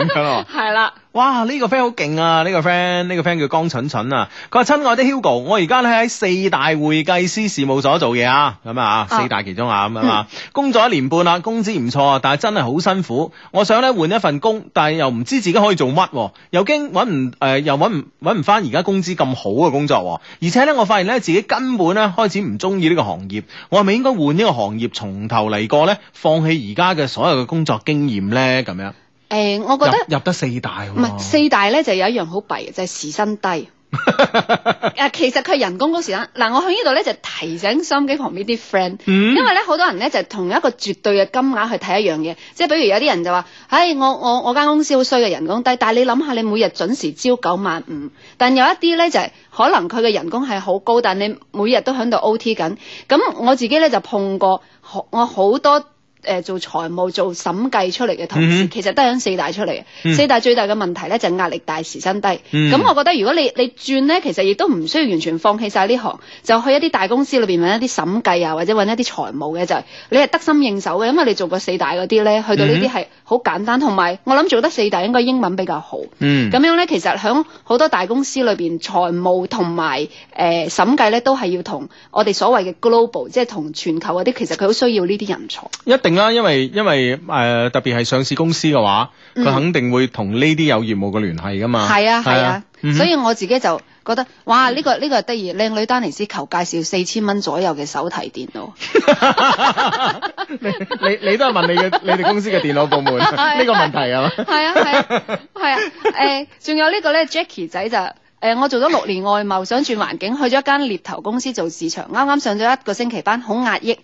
B: 樣咯，係啦。
A: 哇！呢、呢個 friend 好勁啊！呢、呢個 friend 呢、呢個 friend 叫江蠢蠢啊。佢話：親愛的 Hugo，我而家咧喺四大會計師事務所做嘢啊，咁啊，四大其中啊，咁啊、嗯，工作一年半啦，工資唔錯，但係真係好辛苦。我想咧換一份工，但係又唔知自己可以做乜，又驚揾唔誒，又揾唔揾唔翻而家工資咁好嘅工作。而且咧，我發現咧自己根本咧開始唔中意呢個行業。我係咪應該換呢個行業，從頭嚟過咧？放棄而家嘅所有嘅工作經驗咧，咁樣。
B: 誒、呃，我覺得
A: 入得四大，唔係四
B: 大咧就有一樣好弊，就係、是、時薪低。誒， 其實佢人工嗰時薪，嗱，我喺呢度咧就提醒收音機旁邊啲 friend，因為咧好多人咧就同一個絕對嘅金額去睇一樣嘢，即係比如有啲人就話，唉、哎，我我我間公司好衰嘅，人工低，但係你諗下，你每日準時朝九晚五，但有一啲咧就係、是、可能佢嘅人工係好高，但係你每日都喺度 O T 緊，咁我自己咧就碰過，我好多。誒做財務做審計出嚟嘅同事、mm -hmm. 其實都喺四大出嚟嘅。Mm -hmm. 四大最大嘅問題咧就係、是、壓力大，時薪低。咁、mm -hmm. 我覺得如果你你轉咧，其實亦都唔需要完全放棄晒呢行，就去一啲大公司裏邊搵一啲審計啊，或者搵一啲財務嘅就係、是、你係得心應手嘅，因為你做過四大嗰啲咧，去到呢啲係好簡單。同、mm、埋 -hmm. 我諗做得四大應該英文比較好。咁、mm -hmm. 樣咧，其實喺好多大公司裏邊，財務同埋誒審計咧都係要同我哋所謂嘅 global，即係同全球嗰啲，其實佢好需要呢啲人才。一
A: 定。啦，因為因為誒，特別係上市公司嘅話，佢肯定會同呢啲有業務嘅聯繫噶嘛。係、嗯、啊係啊，是啊、
B: 嗯，所以我自己就覺得，哇，呢、這個呢、這個得意，靚女丹尼斯求介紹四千蚊左右嘅手提電腦。 你你都係問你嘅你哋公司嘅電腦部門呢 個問題啊嘛？係啊係啊係啊，誒、啊，仲、啊啊呃、有這個呢個咧 Jacky 仔就誒、呃，我做咗六年外貿，想轉環境，去咗間獵頭公司做市場，啱啱上咗一個星期班，好壓抑，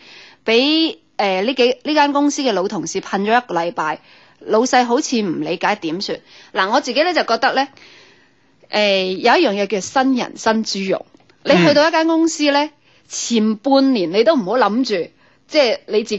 B: 俾。誒、呃，呢幾呢間公司嘅老同事噴咗一個禮拜，老細好似唔理解點算？嗱，我自己咧就覺得咧，誒、呃，有一樣嘢，叫新人新豬肉。你去到一間公司咧，前半年你都唔好諗住，即係你自己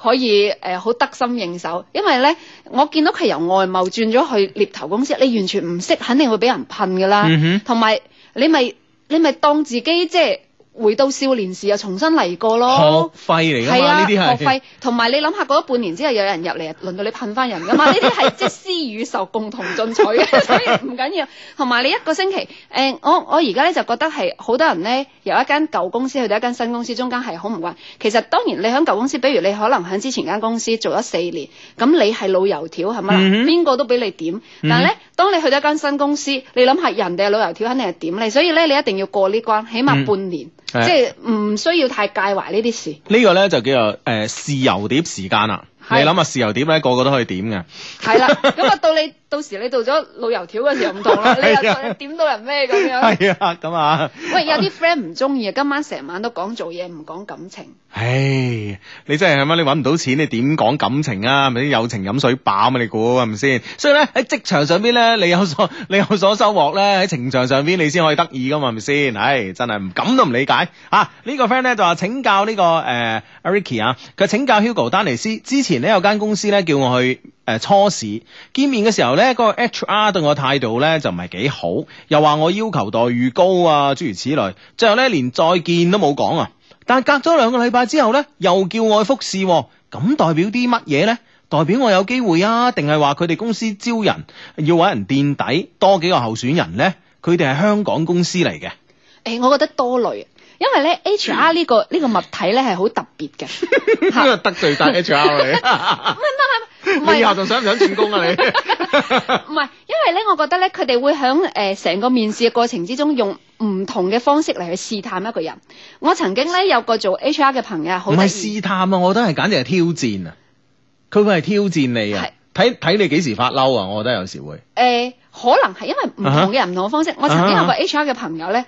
B: 可以誒好、呃、得心應手，因為咧，我見到佢由外貿轉咗去獵頭公司，你完全唔識，肯定會俾人噴噶啦。嗯哼，同埋你咪你咪當自己即係。回到少年時又重新嚟過咯，
A: 學
C: 費嚟㗎啊，呢啲係學費，
B: 同埋你諗下，過、那、咗、個、半年之後有人入嚟，輪到你噴翻人㗎嘛？呢啲係即係師與受共同進取 所以唔緊要。同埋你一個星期，誒、欸，我我而家咧就覺得係好多人咧由一間舊公司去到一間新公司，中間係好唔慣。其實當然你喺舊公司，比如你可能喺之前間公司做咗四年，咁你係老油條係咪？邊、嗯、個都俾你點？嗯、但係咧，當你去到一間新公司，你諗下人哋嘅老油條，肯定係點你，所以咧你一定要過呢關，起碼半年。嗯。 即係唔需要太介懷
A: 呢啲事。呢個咧就叫做誒、呃、豉油碟時間啦。 你諗下豉油碟咧，個個都可以點嘅。係啦，咁啊到你。
B: 到時你到咗老油條嘅時
A: 候唔同啦、 啊，你又點到人咩咁
B: 樣？係啊，咁啊！喂，有啲 friend 唔中意啊， 今晚成晚都講
A: 做嘢，唔講感情。唉、哎，你真係係咪？你搵唔到錢，你點講感情啊？咪啲友情飲水飽啊！你估係咪先？所以咧喺職場上邊咧，你有所你有所收穫咧，喺情場上邊你先可以得意噶嘛？係咪先？唉、哎，真係咁都唔理解啊！這個、呢個 friend 咧就話請教呢、這個誒、呃、Ricky 啊，佢請教 Hugo 丹尼斯之前咧有間公司咧叫我去。初試見面嘅時候呢嗰、嗰個 H R 對我態度呢就唔係幾好，又話我要求待遇高啊，諸如此類。最後呢連再見都冇講啊。但係隔咗兩個禮拜之後呢，又叫我去複試，啊，咁代表啲乜嘢呢？代表我有機會啊？定係話佢哋公司招人要揾人墊底，多幾個候選人呢？佢哋係香港公司嚟嘅。
B: 誒、欸，我覺得多慮，因為呢 H R 呢、這個呢、這個物體呢係好特別嘅。 得罪大 H R 啊！ 你以後仲想唔想轉工啊你？你唔係，因為咧，我覺得咧，佢哋會響誒成個面試嘅過程之中，用唔同嘅方式嚟去試探一個人。我曾經咧有個做 HR 嘅朋友，好唔係試
A: 探啊！我覺得係簡直係挑戰啊！佢會係挑戰你啊！睇睇你幾時發嬲啊！我覺得有時會
B: 誒、呃，可能係因為唔同嘅人，uh -huh? 唔同嘅方式。我曾經有個 HR 嘅朋友咧。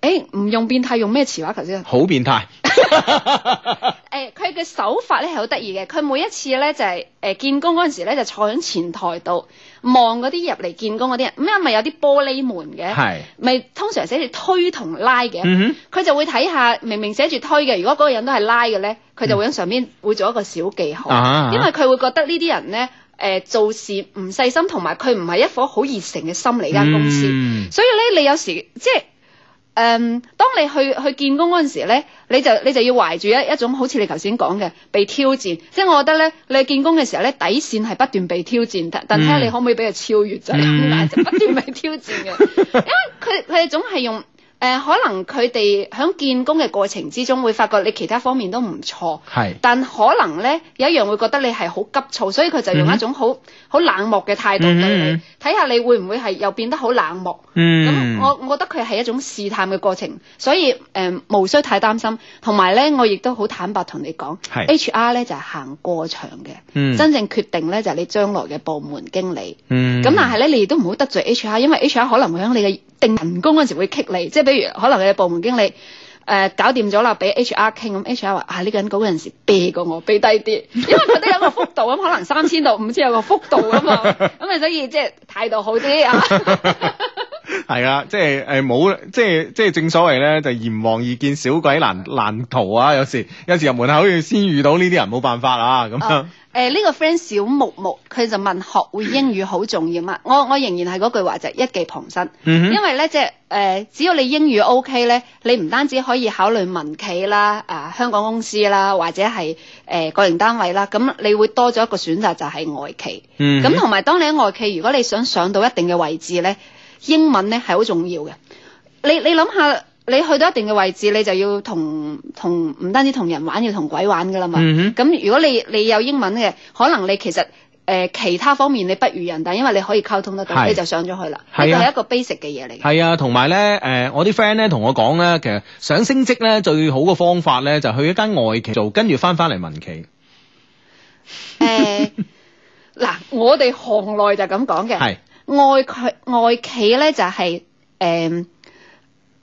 B: 誒、欸，唔用變態，用咩詞話？頭先
A: 好變態 、
B: 呃。誒，佢嘅手法咧係好得意嘅。佢每一次咧就係誒見工嗰陣時咧就坐喺前台度望嗰啲入嚟見工嗰啲人。咁、嗯、因為有啲玻璃門嘅，咪通常寫住推同拉嘅。嗯，佢就會睇下明明寫住推嘅，如果嗰個人都係拉嘅咧，佢就會喺上面、嗯、會做一個小記號、啊
C: 啊啊。因為佢
B: 會覺得呢啲人咧誒做事唔細心，同埋佢唔係一顆好熱誠嘅心嚟間公司。嗯、所以咧，你有時即係。誒、嗯，當你去去建功嗰陣時咧，你就你就要懷住一一種好似你頭先講嘅被挑戰，即、就、係、是、我覺得咧，你去建功嘅時候咧，底線係不斷被挑戰，嗯、但但睇下你可唔可以俾佢超越就係，咁、嗯、解，就是、不斷被挑戰嘅， 因為佢佢哋總係用。誒、呃，可能佢哋喺見工嘅過程之中，會發覺你其他方面都唔錯，係，但可能咧有一樣會覺得你係好急躁，所以佢就用一種好好、嗯、冷漠嘅態度對你，睇、嗯、下你會唔會係又變得好冷漠，
C: 咁、嗯、我、
B: 嗯、我覺得佢係一種試探嘅過程，所以誒、呃、無需太擔心，同埋咧我亦都好坦白同你講，H R 咧就係、是、行過場嘅、嗯，真正決定咧就係、是、你將來嘅部門經理，咁、嗯嗯、但係咧你亦都唔好得罪 H R，因為 H R 可能會喺你嘅定人工嗰時會棘你，即係。譬如可能佢哋部門經理誒、呃、搞掂咗啦，俾 H R 傾，咁 H R 話啊呢、呢個人嗰陣時俾過我，俾低啲，因為佢哋有個幅度咁， 可能三千到五千有個幅度啊嘛，咁 啊所以即係態度好啲啊。
A: 係啊，即係誒冇，即係即係正所謂咧，就閻王易見小鬼難難逃啊！有時有時入門口要先遇到呢啲人，冇辦法啊！咁
B: 誒呢個 friend 小木木佢就問，學會英語好重要嘛？我我仍然係嗰句話就是，一技傍身，嗯，因為咧即係誒、呃，只要你英語 OK 咧，你唔單止可以考慮民企啦，啊、呃、香港公司啦，或者係誒個人單位啦，咁你會多咗一個選擇就係、是、外企。
C: 嗯，咁同埋
B: 當你喺外企，如果你想上到一定嘅位置咧。英文咧係好重要嘅，你你諗下，你去到一定嘅位置，你就要同同唔單止同人玩，要同鬼玩噶啦嘛。咁、嗯、如果你你有英文嘅，可能你其實誒、呃、其他方面你不如人，但因為你可以溝通得到，你就上咗去啦。你係、啊、一個 basic 嘅嘢嚟
A: 嘅。係啊，同埋咧誒，我啲 friend 咧同我講咧，其實想升職咧最好嘅方法咧就是、去一間外企做，跟住翻翻嚟民企。
B: 誒、呃，嗱， 我哋行內就咁講嘅。係。外，外企外企咧就係誒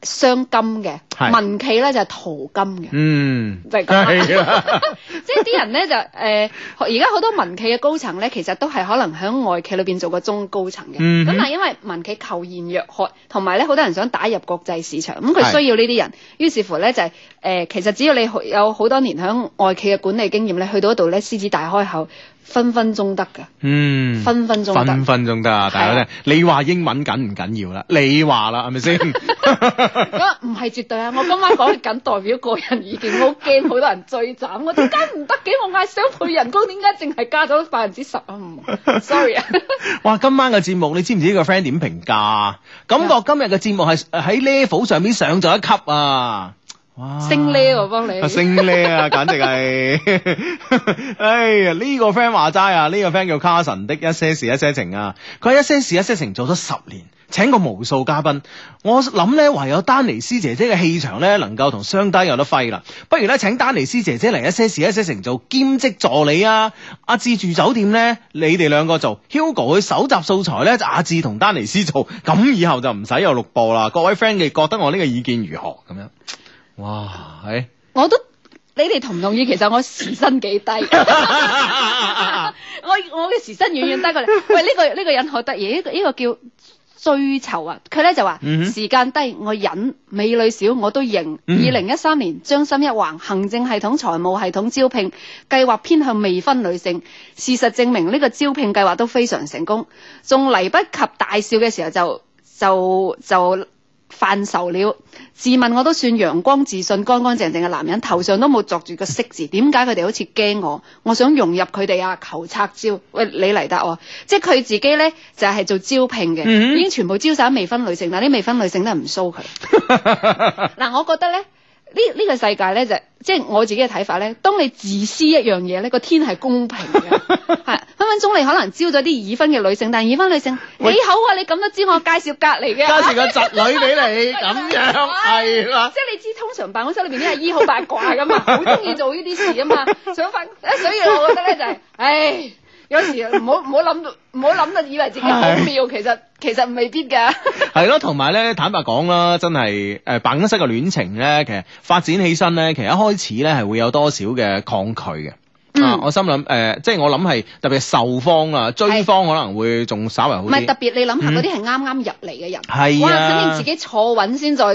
B: 商金嘅，民企咧就係、是、淘金嘅。嗯，
C: 係即
B: 係啲人咧就誒，而家好多民企嘅高層咧，其實都係可能喺外企裏面做個中高層嘅。咁、嗯、但係因為民企求賢若渴，同埋咧好多人想打入國際市場，咁佢需要呢啲人，於是乎咧就係、是呃、其實只要你有好多年喺外企嘅管理經驗咧，去到一度咧獅子大開口。分分鐘得噶，
A: 嗯，分分鐘分分鐘得家啊！大佬咧，你話英文緊唔緊要啦？你話啦，係咪先？
B: 唔係絕對啊！我今晚講緊代表個人意見，好驚好多人追斬，我點解唔得嘅？我嗌雙倍人工，點解淨係加咗百分之十啊？Sorry，
A: 哇！今晚嘅節目你知唔知呢個 friend 點評價？感覺今日嘅節目係喺 level 上面上咗一級啊！
B: 哇，升呢，我幫你， 升呢啊，簡直係，
A: 哎呀呢、這個 friend 話齋啊，呢、這個 friend 叫 carson 的一些事一些情啊，佢喺一些事一些情做咗十年，請過無數嘉賓，我諗咧，唯有丹尼斯姐姐嘅氣場咧能夠同雙低有得揮啦，不如咧請丹尼斯姐姐嚟一些事一些情做兼職助理啊，阿志住酒店咧，你哋兩個做，Hugo 去搜集素材咧就阿志同丹尼斯做，咁以後就唔使有錄播啦，各位 friend 嘅覺得我呢個意見如何咁樣？哇！
B: 我都你哋同唔同意？其實我時薪幾低， 我我嘅時薪遠遠低過你。喂，呢、這個呢、這個人好得意，呢、這個呢、這個叫追求啊！佢咧就話、嗯、時間低，我忍美女少，我都認。二、嗯、零一三年將心一橫，行政系統、財務系統招聘計劃偏向未婚女性。事實證明呢個招聘計劃都非常成功。仲嚟不及大笑嘅時候就就就。就就犯愁了，自問我都算陽光自信、乾乾淨淨嘅男人，頭上都冇鑿住個色字，點解佢哋好似驚我？我想融入佢哋啊，求策招。喂，你嚟答我。即係佢自己咧，就係、是、做招聘嘅，嗯嗯已經全部招晒未婚女性。但啲未婚女性都係唔 show 佢。嗱， 我覺得咧。呢、這、呢個世界咧就即、是、係我自己嘅睇法咧。當你自私一樣嘢咧，個天係公平嘅，係 分分鐘你可能招咗啲已婚嘅女性，但係已婚女性你好啊！你咁都知道我介紹隔籬嘅，介紹個侄女俾你咁 樣係嘛，哎？即係你知，通常辦公室裏邊啲阿姨好八卦㗎嘛，好中意做呢啲事啊㗎嘛，想瞓，所以我覺得咧就係、是，唉、哎。 有時唔好唔好諗到，唔好諗到以為自己好妙，其實
A: 其實未必㗎。係 咯，同埋咧坦白講啦，真係誒辦公室嘅戀情咧，其實發展起身咧，其實一開始咧係會有多少嘅抗拒嘅。嗯、啊，我心諗，誒、呃，即係我諗係特別受方啊，追方可能會仲稍為好啲。唔係特別，
B: 你諗下嗰啲係啱啱入嚟嘅人，係、嗯、哇，肯定、啊、自己坐穩、嗯、先，再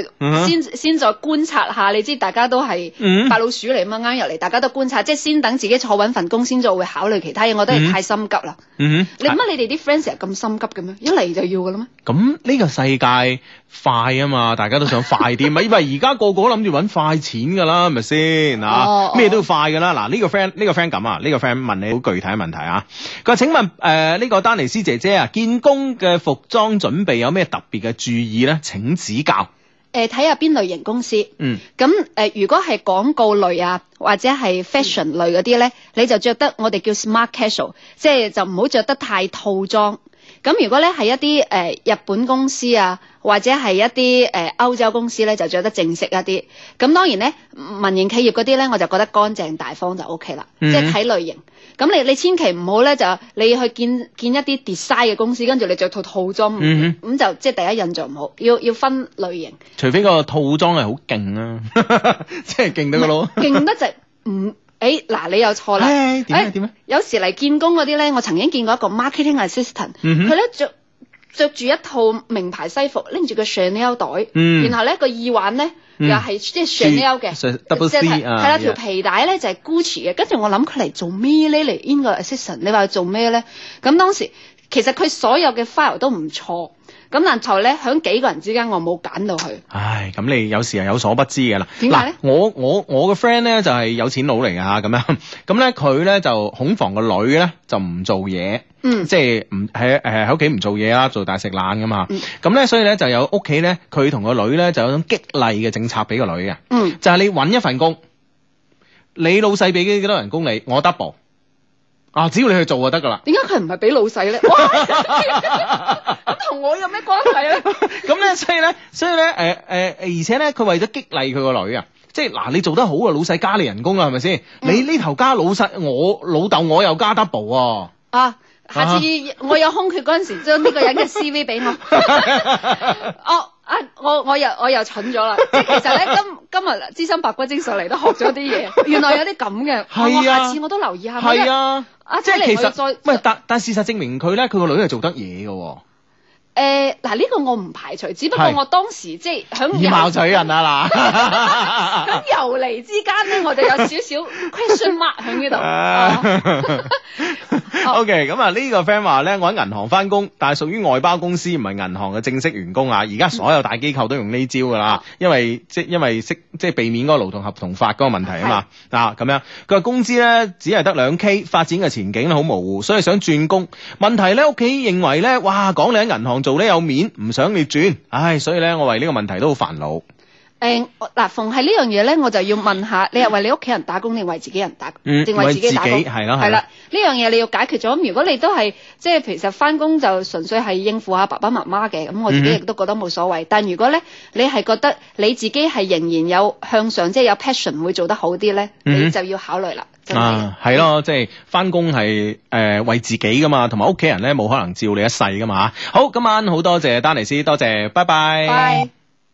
B: 先先再觀察下，你知大家都係白老鼠嚟嘛，啱、嗯、入嚟，大家都觀察，即係先等自己坐穩份工先再會考慮其他嘢，我都係太心急啦。嗯
A: 哼，
B: 你乜你哋啲 friend 成日咁心急嘅咩？一嚟就要噶啦咩？
A: 咁呢個世界。快啊嘛！大家都想快啲咪，而 家個個諗住揾快錢噶啦，係咪先啊？咩都快噶啦嗱。呢、這個 friend 呢個 friend 咁啊，呢個 friend 問你好具體問題啊。佢話：請問誒、呢、呃這個丹尼斯姐姐啊，見工嘅服裝準備有咩特別嘅注意咧？請指教。
B: 誒、呃，睇下邊類型公司。嗯。咁誒、呃，如果係廣告類啊，或者係 fashion 類嗰啲咧，你就着得我哋叫 smart casual，即係就唔好着得太套裝。咁如果咧係一啲誒、呃、日本公司啊，或者係一啲誒、呃、歐洲公司咧，就着得正式一啲。咁當然咧，民營企業嗰啲咧，我就覺得乾淨大方就 O K 啦。即係睇類型。咁你你千祈唔好咧，就你去見見一啲 design 嘅公司，跟住你着套套裝，咁、嗯、就即係、就是、第一印象唔好。要要分類型。
A: 除非個套裝係好勁啊，即係勁到個咯。
B: 勁得就唔～哎，嗱，你又錯啦！哎，點咧、啊啊？有時嚟見工嗰啲咧，我曾經見過一個 marketing assistant，佢、mm、咧 -hmm. 着著住一套名牌西服，拎住個 Chanel 袋然後咧、這個耳環咧、mm -hmm. 又係即係 Chanel 嘅，即係係啦，條、啊、皮帶咧就係、是、Gucci 嘅。跟住我諗佢嚟做咩咧嚟 in 個 assistant？你話佢做咩咧？咁當時其實佢所有嘅 file 都唔錯。咁難求咧，喺幾個人之間我冇揀到佢。
A: 唉，咁你有時係有所不知嘅啦。點解咧？我我我個 friend 咧就係、是、有錢佬嚟噶嚇，咁樣咁咧佢咧就恐防個女咧就唔做嘢，嗯，即係唔喺誒喺屋企唔做嘢啦，做大食懶噶嘛。咁、嗯、咧所以咧就有屋企咧佢同個女咧就有種激勵嘅政策俾個女嘅，嗯，就係你揾一份工，你老細俾幾多人工你，我 double 啊！只要你去做就得噶啦。
B: 點解佢唔係俾老細咧？哇，咁同 我有咩關係咧？咁
A: 咧，所以咧，所以咧，誒、呃、誒、呃，而且咧，佢為咗激勵佢個女啊，即係嗱、啊，你做得好啊，老細加你人工啊，係咪先？你呢頭加老細，我老豆我又加 double 啊！
B: 啊！下次、啊、我有空缺嗰陣時，將 呢個人嘅 C V 俾我。哦、 啊。啊！我我又我又蠢咗啦！ 即係其實咧，今今日資深白骨精上嚟都學咗啲嘢，原來有啲咁嘅，啊、我下次我都留意下。係啊，啊，啊即係其實唔
A: 但但事實證明佢咧，佢個女係做得嘢喎。
B: 誒、呃，嗱、這、呢個我唔排除，只不過我當時即係以貌取人啊嗱。咁由嚟之間咧，我就有少少
A: question mark 喺呢度。OK，咁啊呢、啊 okay, 個 friend 話咧，我喺銀行翻工，但係屬於外包公司，唔係銀行嘅正式員工啊。而家所有大機構都用呢招噶啦、嗯，因為即係因為識即係避免嗰個勞動合同法嗰個問題啊嘛。嗱咁、啊、樣，佢話工資咧只係得兩 k，發展嘅前景好模糊，所以想轉工。問題咧屋企認為咧，哇講你喺銀行。做咧有面，唔想你轉，唉，所以咧，我為呢個問題都好煩惱。
B: 誒、嗯，嗱、呃，逢係呢樣嘢咧，我就要問下你係為你屋企人打工定為自己人打工？嗯，為自己定為自己打工？係啦，係啦呢樣嘢你要解決咗。咁如果你都係即係，其實翻工就純粹係應付下爸爸媽媽嘅，咁我自己亦都覺得冇所謂、嗯。但係如果咧，你係覺得你自己係仍然有向上，即係有 passion，會做得好啲咧、嗯，你就要考慮啦。
A: 啊，係咯，即係翻工係誒，為自己噶嘛，同埋屋企人咧，冇可能照你一世噶嘛，吓。好，今晚好多謝丹尼斯，多謝，拜拜。Bye.